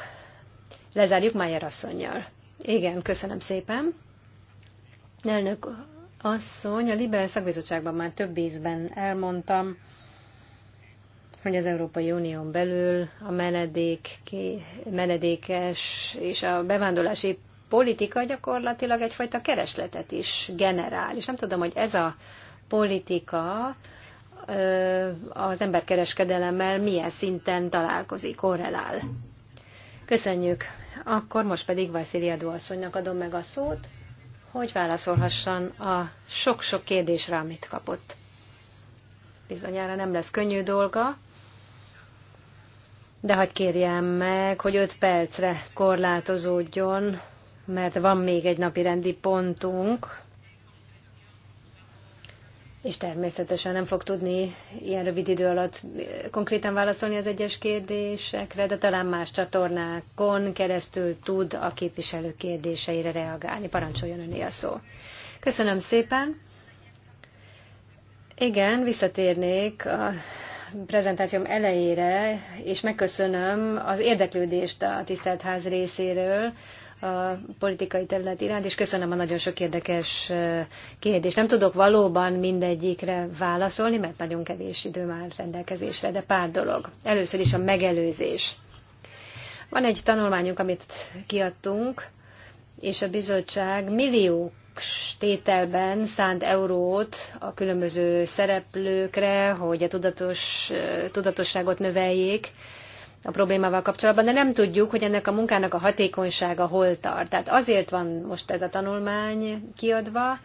C: Lezárjuk Májer asszonyjal. Igen, köszönöm szépen. Elnök asszony, a Libel szakbizottságban már több ízben elmondtam, hogy az Európai Unión belül a menedék, menedékes és a bevándorlási politika gyakorlatilag egyfajta keresletet is generál. És nem tudom, hogy ez a politika az emberkereskedelemmel milyen szinten találkozik, korrelál. Köszönjük. Akkor most pedig Vasziliadó asszonynak adom meg a szót, hogy válaszolhasson a sok-sok kérdésre, amit kapott. Bizonyára nem lesz könnyű dolga, de hagyd kérjem meg, hogy 5 percre korlátozódjon, mert van még egy napi rendi pontunk, és természetesen nem fog tudni ilyen rövid idő alatt konkrétan válaszolni az egyes kérdésekre, de talán más csatornákon keresztül tud a képviselő kérdéseire reagálni. Parancsoljon öné a szó. Köszönöm szépen. Igen, visszatérnék a prezentációm elejére, és megköszönöm az érdeklődést a tisztelt ház részéről a politikai terület iránt, és köszönöm a nagyon sok érdekes kérdést. Nem tudok valóban mindegyikre válaszolni, mert nagyon kevés időm áll rendelkezésre, de pár dolog. Először is a megelőzés. Van egy tanulmányunk, amit kiadtunk, és a bizottság milliók tételben szánt eurót a különböző szereplőkre, hogy a tudatos, tudatosságot növeljék, a problémával kapcsolatban, de nem tudjuk, hogy ennek a munkának a hatékonysága hol tart. Tehát azért van most ez a tanulmány kiadva,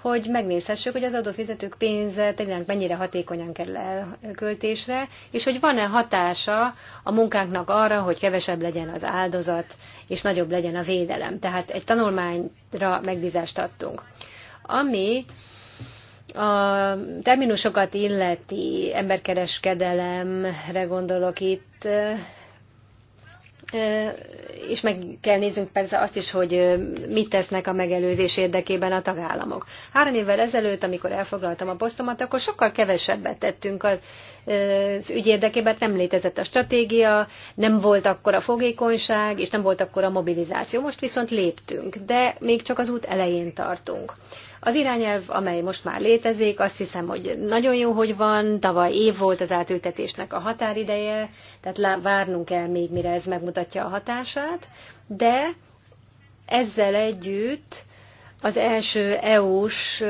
C: hogy megnézhessük, hogy az adófizetők pénze tényleg mennyire hatékonyan kerül elköltésre, és hogy van-e hatása a munkánknak arra, hogy kevesebb legyen az áldozat, és nagyobb legyen a védelem. Tehát egy tanulmányra megbízást adtunk. Ami a terminusokat illeti emberkereskedelemre gondolok itt, és meg kell néznünk persze azt is, hogy mit tesznek a megelőzés érdekében a tagállamok. Három évvel ezelőtt, amikor elfoglaltam a posztomat, akkor sokkal kevesebbet tettünk az ügy érdekében, nem létezett a stratégia, nem volt akkor a fogékonyság, és nem volt akkor a mobilizáció. Most viszont léptünk, de még csak az út elején tartunk. Az irányelv, amely most már létezik, azt hiszem, hogy nagyon jó, hogy van. Tavaly év volt az átültetésnek a határideje, tehát várnunk kell még, mire ez megmutatja a hatását, de ezzel együtt az első EU-s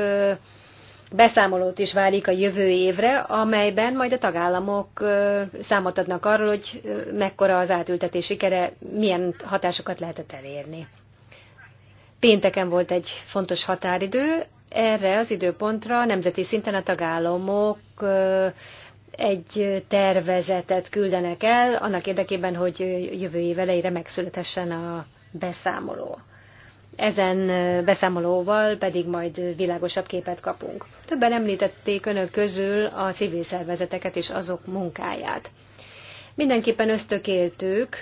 C: beszámolót is válik a jövő évre, amelyben majd a tagállamok számot adnak arról, hogy mekkora az átültetés sikere, milyen hatásokat lehetett elérni. Pénteken volt egy fontos határidő, erre az időpontra nemzeti szinten a tagállamok egy tervezetet küldenek el, annak érdekében, hogy jövő év elejére megszületessen a beszámoló. Ezen beszámolóval pedig majd világosabb képet kapunk. Többen említették önök közül a civil szervezeteket és azok munkáját. Mindenképpen ösztökéltük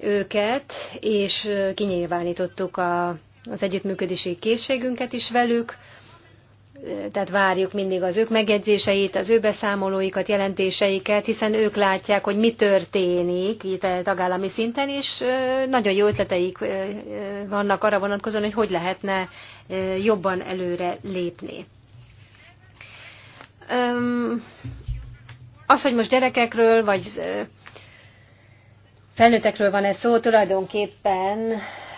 C: őket, és kinyilvánítottuk a az együttműködési készségünket is velük, tehát várjuk mindig az ők megjegyzéseit, az ő beszámolóikat, jelentéseiket, hiszen ők látják, hogy mi történik itt a tagállami szinten, és nagyon jó ötleteik vannak arra vonatkozóan, hogy hogy lehetne jobban előre lépni. Az, hogy most gyerekekről, vagy felnőttekről van ez szó, tulajdonképpen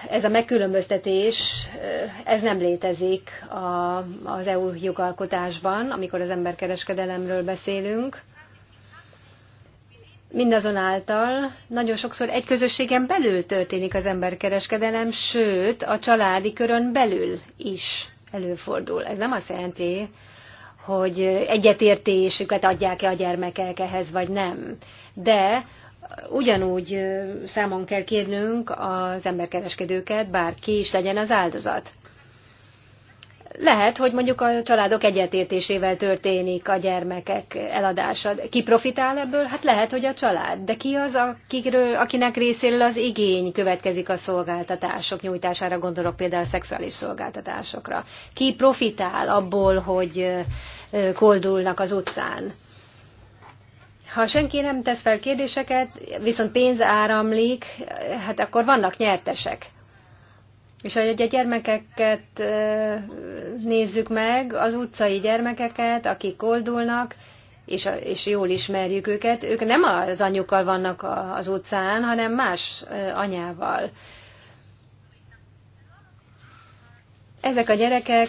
C: ez a megkülönböztetés, eh, ez nem létezik a, az EU jogalkotásban, amikor az emberkereskedelemről beszélünk. Mindazonáltal nagyon sokszor egy közösségen belül történik az emberkereskedelem, sőt a családi körön belül is előfordul. Ez nem azt jelenti, hogy egyetértésüket adják-e a gyermekek ehhez, vagy nem. De ugyanúgy számon kell kérnünk az emberkereskedőket, bárki is legyen az áldozat. Lehet, hogy mondjuk a családok egyetértésével történik a gyermekek eladása. Ki profitál ebből? Hát lehet, hogy a család. De ki az, akikről, akinek részéről az igény következik a szolgáltatások nyújtására, gondolok például a szexuális szolgáltatásokra. Ki profitál abból, hogy koldulnak az utcán? Ha senki nem tesz fel kérdéseket, viszont pénz áramlik, hát akkor vannak nyertesek. És ha a gyermekeket nézzük meg, az utcai gyermekeket, akik koldulnak, és, és jól ismerjük őket, ők nem az anyukkal vannak az utcán, hanem más anyával. Ezek a gyerekek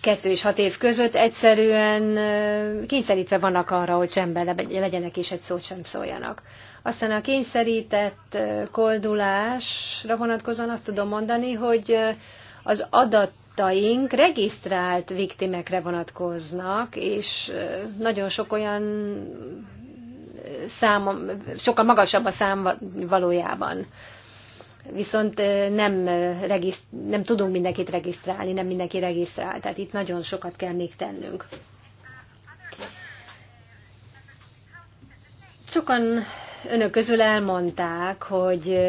C: kettő és hat év között egyszerűen kényszerítve vannak arra, hogy csendben legyenek és egy szót sem szóljanak. Aztán a kényszerített koldulásra vonatkozóan azt tudom mondani, hogy az adataink regisztrált viktimekre vonatkoznak, és nagyon sok olyan szám, sokkal magasabb a szám valójában viszont nem, nem tudunk mindenkit regisztrálni, nem mindenki regisztrál, tehát itt nagyon sokat kell még tennünk. Sokan önök közül elmondták, hogy,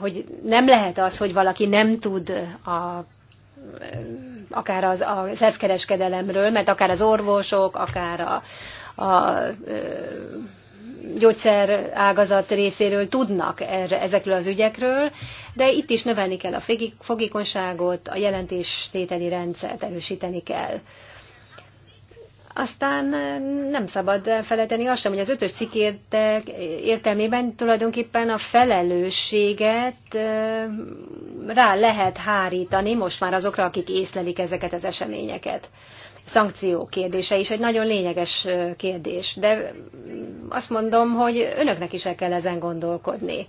C: hogy nem lehet az, hogy valaki nem tud a akár az, a szervkereskedelemről, mert akár az orvosok, akár a, a, a gyógyszerágazat részéről tudnak erre, ezekről az ügyekről, de itt is növelni kell a fogékonyságot, a jelentéstételi rendszert erősíteni kell. Aztán eh, nem szabad felejteni azt sem, hogy az ötös cikk értelmében tulajdonképpen a felelősséget eh, rá lehet hárítani most már azokra, akik észlelik ezeket az eseményeket szankció kérdése is egy nagyon lényeges kérdés, de azt mondom, hogy önöknek is el kell ezen gondolkodni.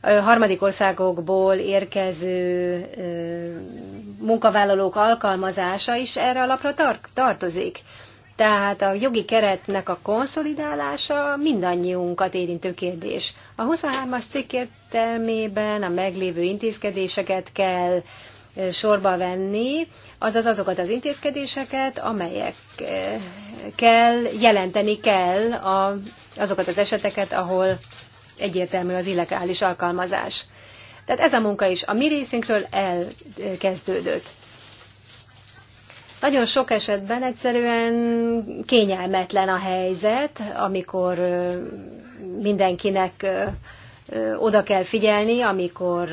C: A harmadik országokból érkező munkavállalók alkalmazása is erre a lapra tar- tartozik. Tehát a jogi keretnek a konszolidálása mindannyiunkat érintő kérdés. A 23-as cikk értelmében a meglévő intézkedéseket kell sorba venni, azaz azokat az intézkedéseket, amelyek kell, jelenteni kell a, azokat az eseteket, ahol egyértelmű az illegális alkalmazás. Tehát ez a munka is a mi részünkről elkezdődött. Nagyon sok esetben egyszerűen kényelmetlen a helyzet, amikor mindenkinek oda kell figyelni, amikor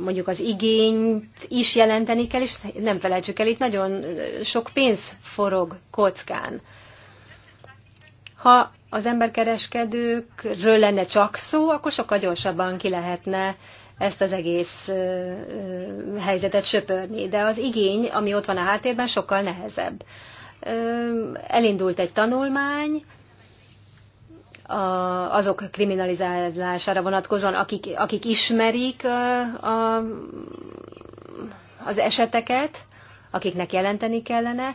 C: mondjuk az igényt is jelenteni kell, és nem felejtsük el, itt nagyon sok pénz forog kockán. Ha az emberkereskedőkről lenne csak szó, akkor sokkal gyorsabban ki lehetne ezt az egész helyzetet söpörni. De az igény, ami ott van a háttérben, sokkal nehezebb. Elindult egy tanulmány, a, azok kriminalizálására vonatkozóan, akik, akik ismerik a, az eseteket, akiknek jelenteni kellene,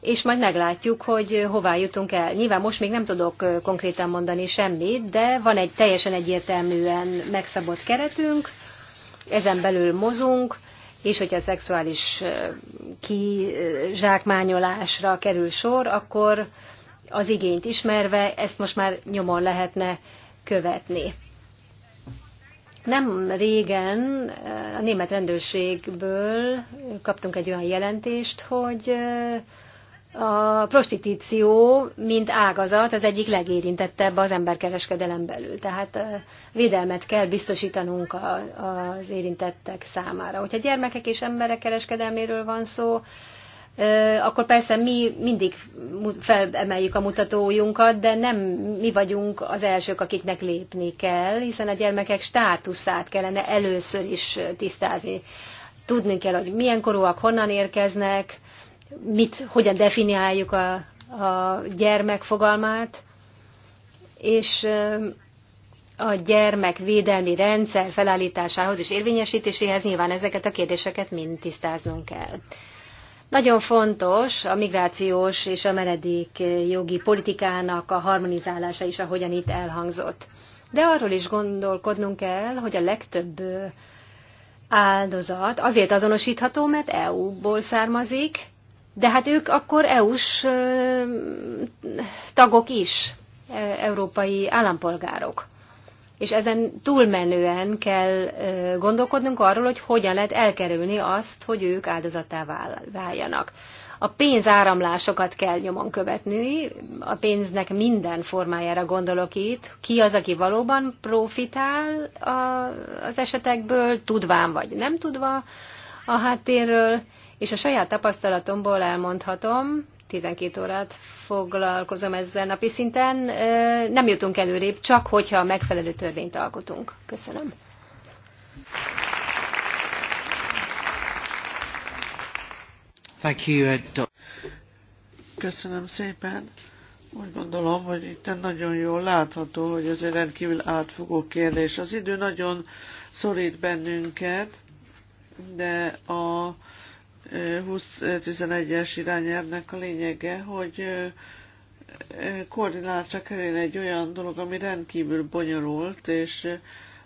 C: és majd meglátjuk, hogy hová jutunk el. Nyilván most még nem tudok konkrétan mondani semmit, de van egy teljesen egyértelműen megszabott keretünk, ezen belül mozunk, és hogyha a szexuális kizsákmányolásra kerül sor, akkor az igényt ismerve ezt most már nyomon lehetne követni. Nem régen eh, a német rendőrségből kaptunk egy olyan jelentést, hogy eh, a prostitíció, mint ágazat, az egyik legérintettebb az emberkereskedelem belül. Tehát eh, védelmet kell biztosítanunk az érintettek számára. Hogyha gyermekek és emberek kereskedelméről van szó, akkor persze mi mindig felemeljük a mutatójunkat, de nem mi vagyunk az elsők, akiknek lépni kell, hiszen a gyermekek státuszát kellene először is tisztázni. Tudni kell, hogy milyen korúak, honnan érkeznek, mit, hogyan definiáljuk a, a gyermek fogalmát, és a gyermek védelmi rendszer felállításához és érvényesítéséhez nyilván ezeket a kérdéseket mind tisztáznunk kell. Nagyon fontos a migrációs és a menedék jogi politikának a harmonizálása is, ahogyan itt elhangzott. De arról is gondolkodnunk kell, hogy a legtöbb áldozat azért azonosítható, mert EU-ból származik, de hát ők akkor EU-s tagok is, európai állampolgárok és ezen túlmenően kell gondolkodnunk arról, hogy hogyan lehet elkerülni azt, hogy ők áldozattá váljanak. A pénzáramlásokat kell nyomon követni, a pénznek minden formájára gondolok itt. Ki az, aki valóban profitál az esetekből, tudván vagy nem tudva a háttérről, és a saját tapasztalatomból elmondhatom, 12 órát foglalkozom ezzel napi szinten. Nem jutunk előrébb, csak hogyha megfelelő törvényt alkotunk. Köszönöm.
B: Thank you, uh,
A: Köszönöm szépen. Úgy gondolom, hogy itt nagyon jól látható, hogy ez egy rendkívül átfogó kérdés. Az idő nagyon szorít bennünket, de a 2011-es irányelvnek a lényege, hogy koordináltra kerül egy olyan dolog, ami rendkívül bonyolult, és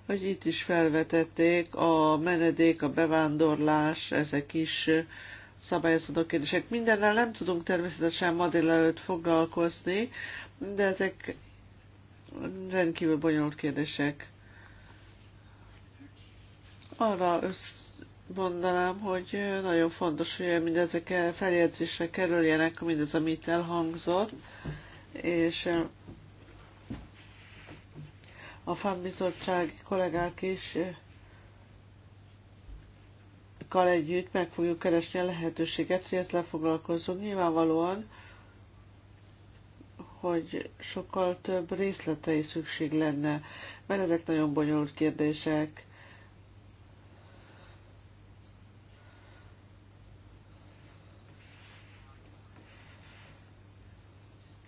A: hogy itt is felvetették a menedék, a bevándorlás, ezek is szabályozható kérdések. Mindennel nem tudunk természetesen ma délelőtt foglalkozni, de ezek rendkívül bonyolult kérdések. Arra össz mondanám, hogy nagyon fontos, hogy mindezek feljegyzésre kerüljenek, mindez, amit elhangzott, és a fennbizottság kollégák is kal együtt meg fogjuk keresni a lehetőséget, hogy ezt lefoglalkozzunk. Nyilvánvalóan, hogy sokkal több részletei szükség lenne, mert ezek nagyon bonyolult kérdések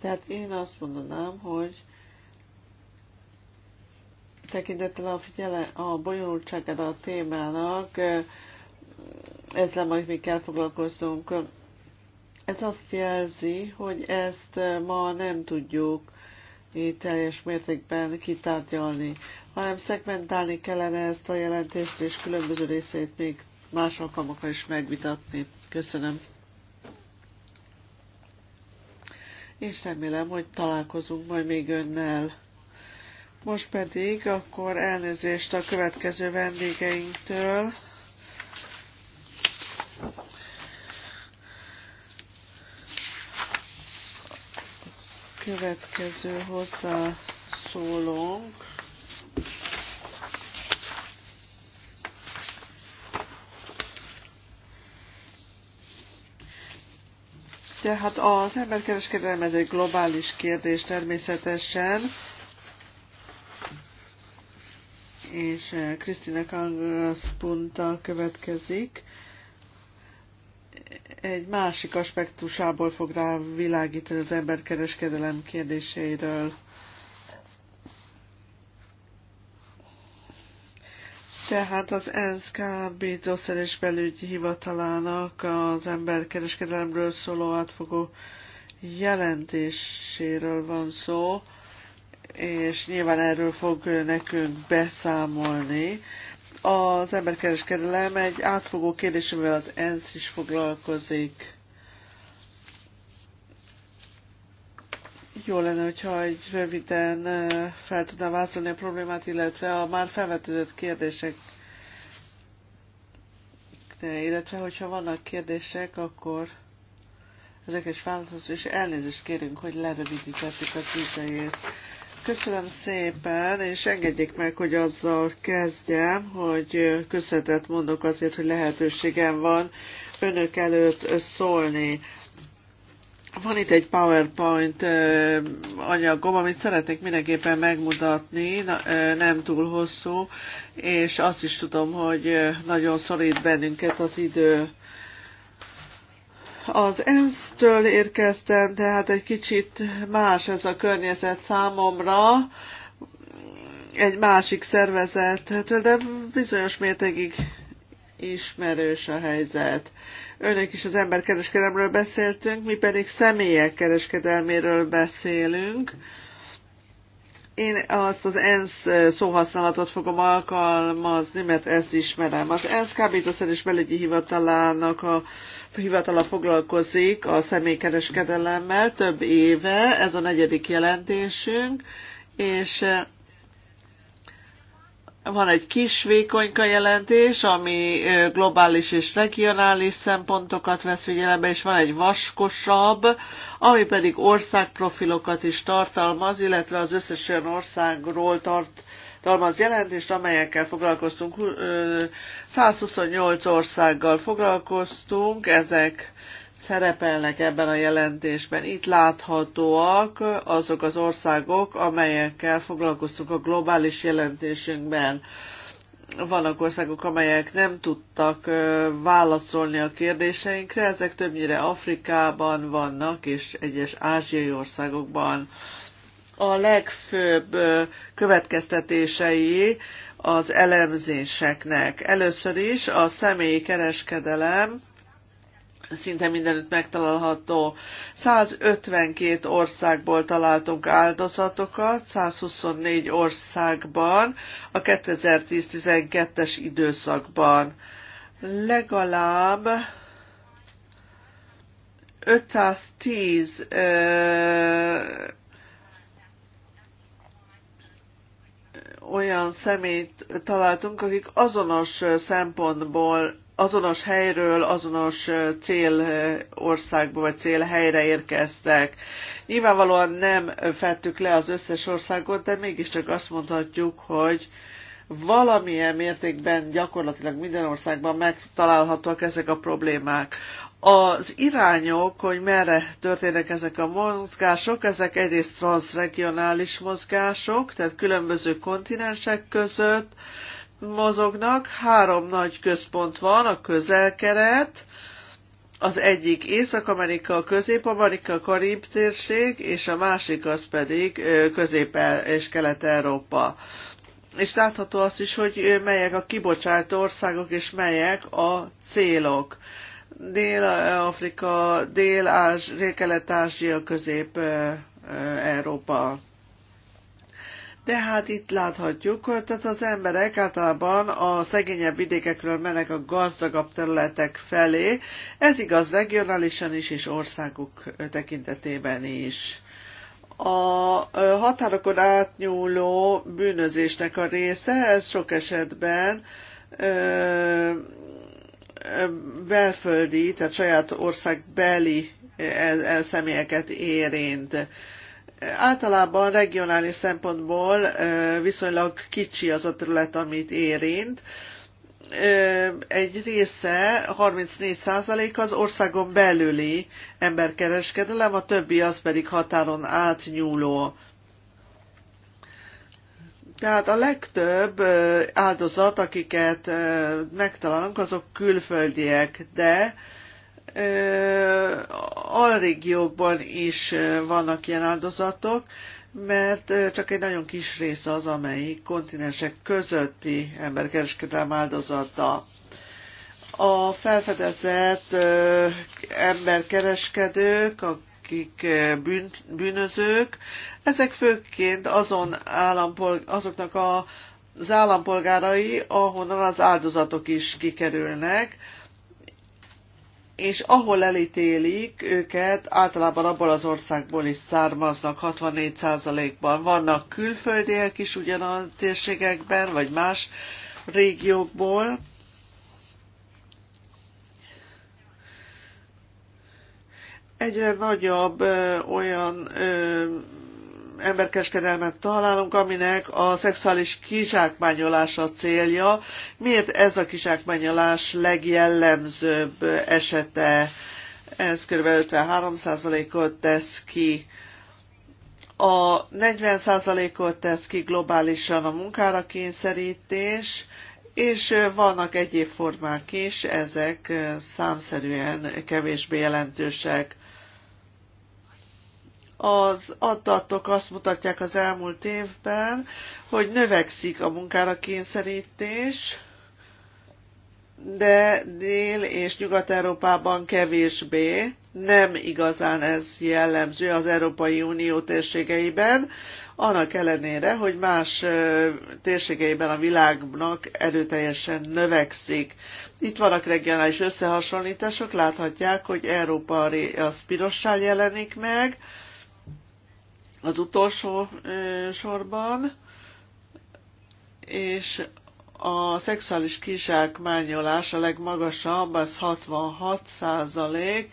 A: Tehát én azt mondanám, hogy tekintettel a, figyele, a bonyolultságára a témának, ezzel majd még kell foglalkoznunk. Ez azt jelzi, hogy ezt ma nem tudjuk teljes mértékben kitárgyalni, hanem szegmentálni kellene ezt a jelentést, és különböző részét még más alkalmakkal is megvitatni. Köszönöm. és remélem, hogy találkozunk majd még önnel. Most pedig akkor elnézést a következő vendégeinktől. Következő hozzászólónk. Ugye hát az emberkereskedelem ez egy globális kérdés természetesen, és Krisztina eh, Kangaspunta következik. Egy másik aspektusából fog rá világítani az emberkereskedelem kérdéseiről. Tehát az ENSZ kábítószer és belügyi hivatalának az emberkereskedelemről szóló átfogó jelentéséről van szó, és nyilván erről fog nekünk beszámolni. Az emberkereskedelem egy átfogó kérdés, amivel az ENSZ is foglalkozik. jó lenne, hogyha egy röviden fel tudná vázolni a problémát, illetve a már felvetődött kérdések illetve hogyha vannak kérdések, akkor ezek is válaszolsz, és elnézést kérünk, hogy lerövidítettük az idejét. Köszönöm szépen, és engedjék meg, hogy azzal kezdjem, hogy köszönetet mondok azért, hogy lehetőségem van önök előtt szólni. Van itt egy PowerPoint anyagom, amit szeretnék mindenképpen megmutatni, nem túl hosszú, és azt is tudom, hogy nagyon szorít bennünket az idő. Az ENSZ-től érkeztem, tehát egy kicsit más ez a környezet számomra, egy másik szervezet, de bizonyos mértékig ismerős a helyzet. Önök is az emberkereskedelemről beszéltünk, mi pedig személyek kereskedelméről beszélünk. Én azt az ENSZ szóhasználatot fogom alkalmazni, mert ezt ismerem. Az ENSZ kábítószer és belügyi hivatalának a hivatala foglalkozik a személykereskedelemmel több éve, ez a negyedik jelentésünk, és van egy kis vékonyka jelentés, ami globális és regionális szempontokat vesz figyelembe, és van egy vaskosabb, ami pedig országprofilokat is tartalmaz, illetve az összes olyan országról tart, tartalmaz jelentést, amelyekkel foglalkoztunk. 128 országgal foglalkoztunk, ezek szerepelnek ebben a jelentésben. Itt láthatóak azok az országok, amelyekkel foglalkoztunk a globális jelentésünkben. Vannak országok, amelyek nem tudtak válaszolni a kérdéseinkre, ezek többnyire Afrikában vannak, és egyes ázsiai országokban. A legfőbb következtetései az elemzéseknek. Először is a személyi kereskedelem, szinte mindenütt megtalálható. 152 országból találtunk áldozatokat, 124 országban, a 2010-12-es időszakban. Legalább 510 ö, olyan szemét találtunk, akik azonos szempontból azonos helyről, azonos cél országba vagy cél helyre érkeztek. Nyilvánvalóan nem fettük le az összes országot, de mégiscsak azt mondhatjuk, hogy valamilyen mértékben gyakorlatilag minden országban megtalálhatóak ezek a problémák. Az irányok, hogy merre történnek ezek a mozgások, ezek egyrészt transregionális mozgások, tehát különböző kontinensek között, mozognak. Három nagy központ van, a közelkeret, az egyik Észak-Amerika, Közép-Amerika, Karib térség, és a másik az pedig Közép- és Kelet-Európa. És látható azt is, hogy melyek a kibocsátó országok, és melyek a célok. Dél-Afrika, Dél-Kelet-Ázsia, Közép-Európa de hát itt láthatjuk, tehát az emberek általában a szegényebb vidékekről mennek a gazdagabb területek felé. Ez igaz regionálisan is, és országuk tekintetében is. A határokon átnyúló bűnözésnek a része, ez sok esetben ö, belföldi, tehát saját ország beli személyeket érint Általában regionális szempontból viszonylag kicsi az a terület, amit érint. Egy része, 34% az országon belüli emberkereskedelem, a többi az pedig határon átnyúló. Tehát a legtöbb áldozat, akiket megtalálunk, azok külföldiek, de régióban is vannak ilyen áldozatok, mert csak egy nagyon kis része az, amelyik kontinensek közötti emberkereskedelem áldozata. A felfedezett emberkereskedők, akik bűn, bűnözők, ezek főként azon állampolg, azoknak a, az állampolgárai, ahonnan az áldozatok is kikerülnek, és ahol elítélik őket, általában abból az országból is származnak 64%-ban. Vannak külföldiek is a térségekben, vagy más régiókból. Egyre nagyobb ö, olyan ö, emberkereskedelmet találunk, aminek a szexuális a célja. Miért ez a kizsákmányolás legjellemzőbb esete? Ez kb. 53%-ot tesz ki a 40%-ot tesz ki globálisan a munkára kényszerítés, és vannak egyéb formák is, ezek számszerűen kevésbé jelentősek az adatok azt mutatják az elmúlt évben, hogy növekszik a munkára kényszerítés, de Dél- és Nyugat-Európában kevésbé. Nem igazán ez jellemző az Európai Unió térségeiben, annak ellenére, hogy más térségeiben a világnak erőteljesen növekszik. Itt vannak regionális összehasonlítások, láthatják, hogy Európa az pirossal jelenik meg, az utolsó sorban, és a szexuális kizsákmányolás a legmagasabb, az 66 százalék,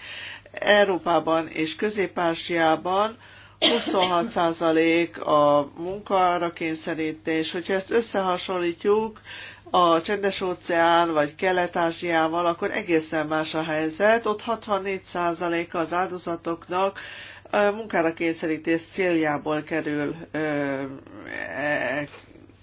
A: Európában és Közép-Ázsiában 26 százalék a munkaára kényszerítés. Hogyha ezt összehasonlítjuk a csendes óceán vagy Kelet-Ázsiával, akkor egészen más a helyzet. Ott 64 százaléka az áldozatoknak a munkára kényszerítés céljából kerül e,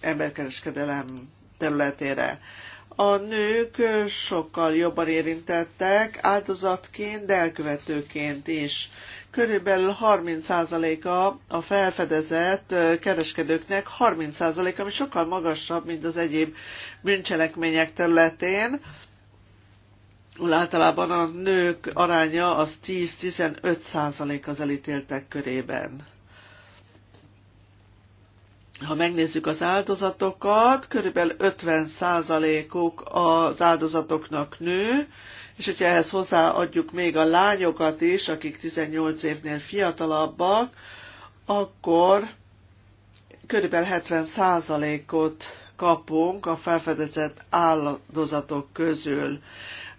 A: emberkereskedelem területére. A nők sokkal jobban érintettek áldozatként, de elkövetőként is. Körülbelül 30%-a a felfedezett kereskedőknek 30%, a ami sokkal magasabb, mint az egyéb bűncselekmények területén, általában a nők aránya az 10-15 százalék az elítéltek körében. Ha megnézzük az áldozatokat, körülbelül 50 százalékuk az áldozatoknak nő, és hogyha ehhez hozzáadjuk még a lányokat is, akik 18 évnél fiatalabbak, akkor körülbelül 70 százalékot kapunk a felfedezett áldozatok közül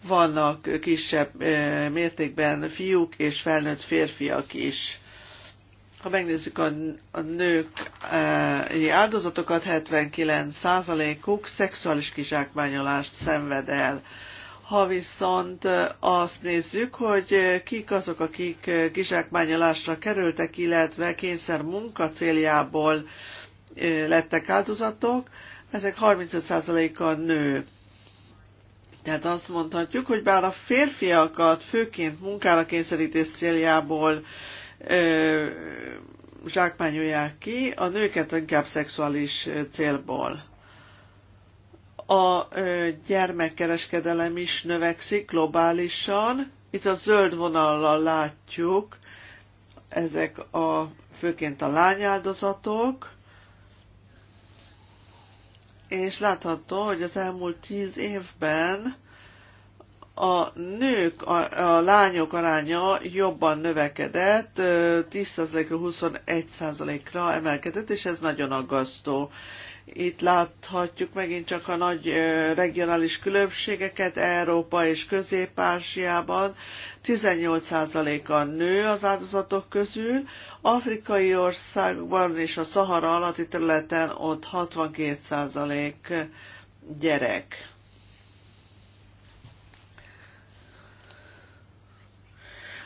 A: vannak kisebb eh, mértékben fiúk és felnőtt férfiak is. Ha megnézzük a, nők eh, áldozatokat, 79%-uk szexuális kizsákmányolást szenved el. Ha viszont eh, azt nézzük, hogy kik azok, akik kizsákmányolásra kerültek, illetve kényszer munka céljából lettek áldozatok, ezek 35%-a nő. Tehát azt mondhatjuk, hogy bár a férfiakat főként munkára kényszerítés céljából ö, zsákmányolják ki, a nőket inkább szexuális célból. A ö, gyermekkereskedelem is növekszik globálisan. Itt a zöld vonallal látjuk, ezek a főként a lányáldozatok, és látható, hogy az elmúlt tíz évben a nők, a, a lányok aránya jobban növekedett, 10%-ra 21%-ra emelkedett, és ez nagyon aggasztó. Itt láthatjuk megint csak a nagy regionális különbségeket Európa és Közép-Ázsiában. 18%-a nő az áldozatok közül, afrikai országban és a Szahara alatti területen ott 62% gyerek.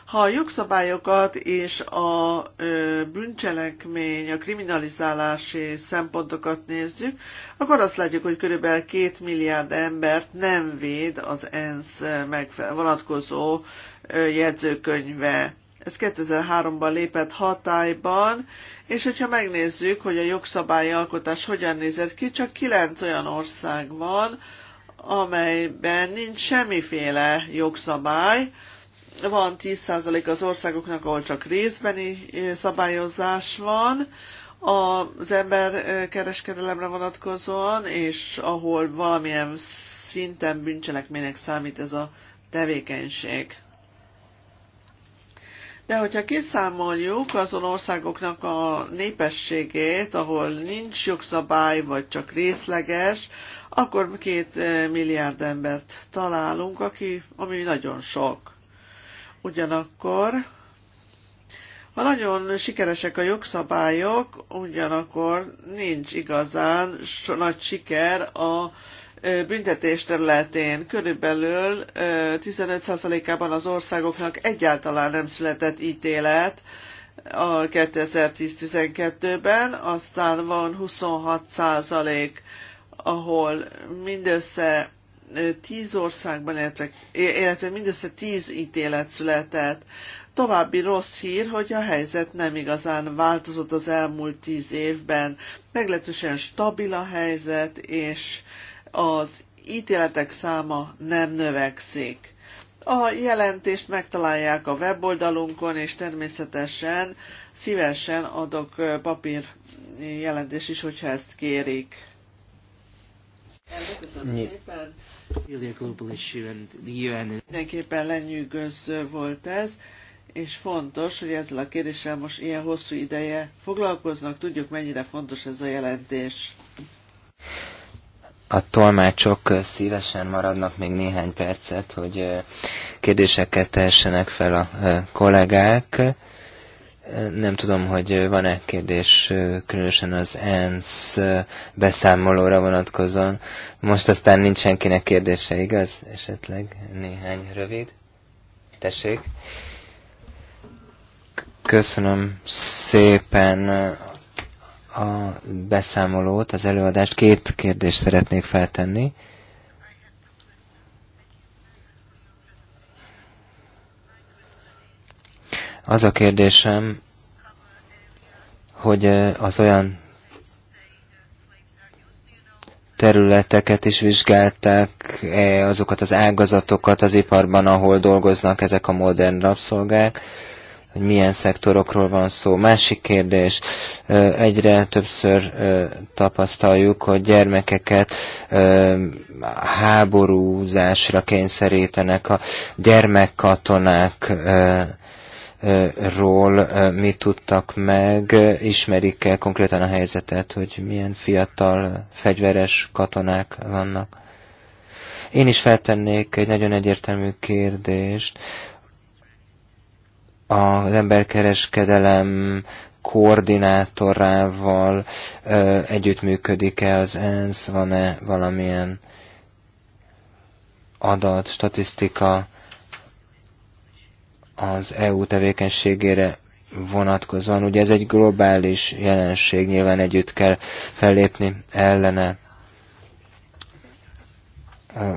A: Ha a jogszabályokat és a bűncselekmény, a kriminalizálási szempontokat nézzük, akkor azt látjuk, hogy körülbelül két milliárd embert nem véd az ENSZ vonatkozó jegyzőkönyve. Ez 2003-ban lépett hatályban, és hogyha megnézzük, hogy a jogszabályalkotás hogyan nézett ki, csak kilenc olyan ország van, amelyben nincs semmiféle jogszabály, van 10% az országoknak, ahol csak részbeni szabályozás van, az ember kereskedelemre vonatkozóan, és ahol valamilyen szinten bűncselekménynek számít ez a tevékenység. De hogyha kiszámoljuk azon országoknak a népességét, ahol nincs jogszabály, vagy csak részleges, akkor két milliárd embert találunk, aki, ami nagyon sok. Ugyanakkor, ha nagyon sikeresek a jogszabályok, ugyanakkor nincs igazán nagy siker a büntetés területén körülbelül 15%-ában az országoknak egyáltalán nem született ítélet a 2010-12-ben, aztán van 26%, ahol mindössze tíz országban, illetve, illetve mindössze tíz ítélet született. További rossz hír, hogy a helyzet nem igazán változott az elmúlt tíz évben. Meglehetősen stabil a helyzet, és az ítéletek száma nem növekszik. A jelentést megtalálják a weboldalunkon, és természetesen szívesen adok papír jelentés is, hogyha ezt kérik. Mindenképpen lenyűgöző volt ez, és fontos, hogy ezzel a kérdéssel most ilyen hosszú ideje foglalkoznak, tudjuk mennyire fontos ez a jelentés.
B: A tolmácsok szívesen maradnak még néhány percet, hogy eh, kérdéseket tehessenek fel a eh, kollégák. Nem tudom, hogy van-e kérdés különösen az ENSZ beszámolóra vonatkozóan. Most aztán nincs senkinek kérdése, igaz? Esetleg néhány rövid. Tessék. Köszönöm szépen a beszámolót, az előadást. Két kérdést szeretnék feltenni. Az a kérdésem, hogy az olyan területeket is vizsgálták, azokat az ágazatokat az iparban, ahol dolgoznak ezek a modern rabszolgák, hogy milyen szektorokról van szó. Másik kérdés, egyre többször tapasztaljuk, hogy gyermekeket háborúzásra kényszerítenek a gyermekkatonák ról mit tudtak meg, ismerik-e konkrétan a helyzetet, hogy milyen fiatal fegyveres katonák vannak. Én is feltennék egy nagyon egyértelmű kérdést. Az emberkereskedelem koordinátorával együttműködik-e az ENSZ, van-e valamilyen adat, statisztika, az EU tevékenységére vonatkozóan. Ugye ez egy globális jelenség, nyilván együtt kell fellépni ellene.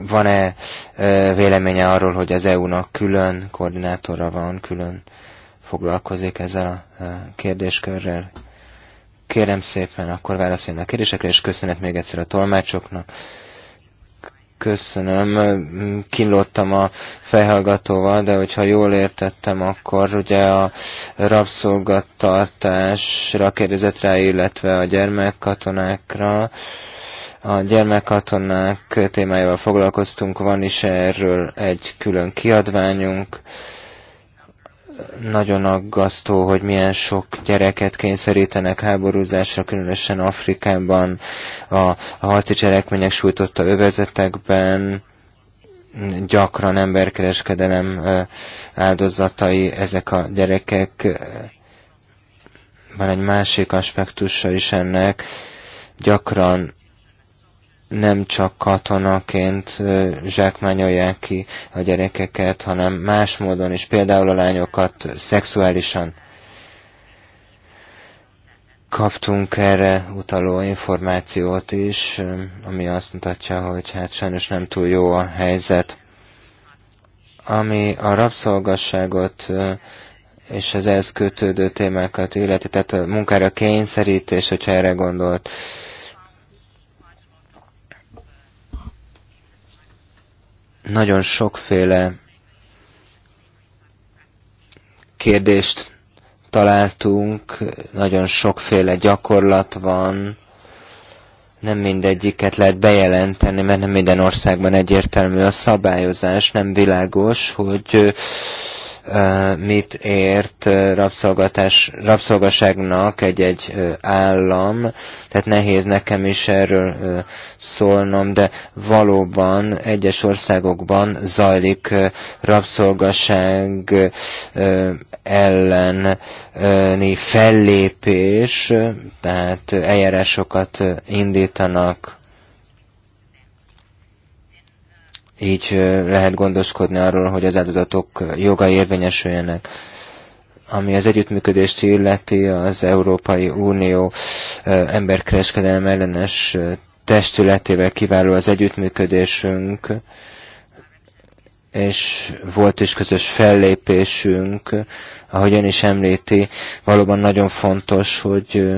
B: Van-e véleménye arról, hogy az EU-nak külön koordinátora van, külön foglalkozik ezzel a kérdéskörrel? Kérem szépen, akkor válaszoljon a kérdésekre, és köszönet még egyszer a tolmácsoknak köszönöm. Kínlottam a fejhallgatóval, de hogyha jól értettem, akkor ugye a rabszolgattartásra kérdezett rá, illetve a gyermekkatonákra. A gyermekkatonák témájával foglalkoztunk, van is erről egy külön kiadványunk. Nagyon aggasztó, hogy milyen sok gyereket kényszerítenek háborúzásra, különösen Afrikában, a, a harci cselekmények sújtotta övezetekben, gyakran emberkereskedelem áldozatai ezek a gyerekek. Van egy másik aspektusa is ennek, gyakran nem csak katonaként zsákmányolják ki a gyerekeket, hanem más módon is, például a lányokat szexuálisan. Kaptunk erre utaló információt is, ami azt mutatja, hogy hát sajnos nem túl jó a helyzet. Ami a rabszolgasságot és az ehhez kötődő témákat illeti, tehát a munkára kényszerítés, hogyha erre gondolt, Nagyon sokféle kérdést találtunk, nagyon sokféle gyakorlat van, nem mindegyiket lehet bejelenteni, mert nem minden országban egyértelmű a szabályozás, nem világos, hogy mit ért rabszolgaságnak egy-egy állam, tehát nehéz nekem is erről szólnom, de valóban egyes országokban zajlik rabszolgaság elleni fellépés, tehát eljárásokat indítanak Így lehet gondoskodni arról, hogy az áldozatok joga érvényesüljenek ami az együttműködést illeti, az Európai Unió emberkereskedelem ellenes testületével kiváló az együttműködésünk, és volt is közös fellépésünk, ahogy ön is említi, valóban nagyon fontos, hogy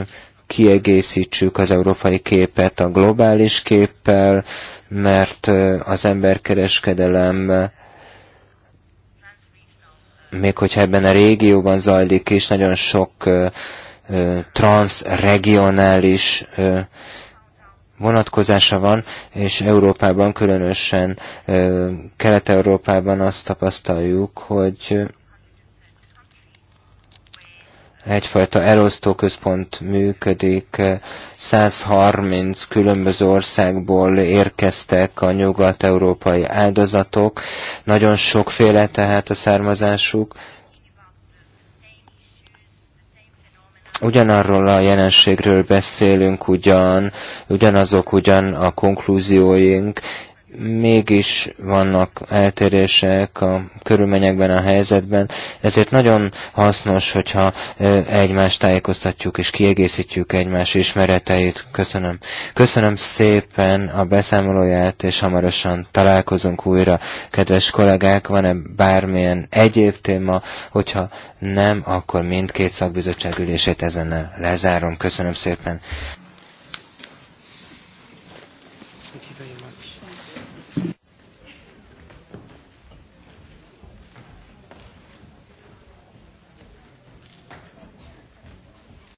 B: kiegészítsük az európai képet a globális képpel, mert az emberkereskedelem még hogyha ebben a régióban zajlik is, nagyon sok transregionális vonatkozása van, és Európában, különösen Kelet-Európában azt tapasztaljuk, hogy egyfajta elosztóközpont működik, 130 különböző országból érkeztek a nyugat-európai áldozatok, nagyon sokféle tehát a származásuk. Ugyanarról a jelenségről beszélünk ugyan, ugyanazok ugyan a konklúzióink, mégis vannak eltérések a körülményekben, a helyzetben, ezért nagyon hasznos, hogyha egymást tájékoztatjuk és kiegészítjük egymás ismereteit. Köszönöm. Köszönöm szépen a beszámolóját, és hamarosan találkozunk újra. Kedves kollégák, van-e bármilyen egyéb téma? Hogyha nem, akkor mindkét szakbizottság ülését ezen lezárom. Köszönöm szépen.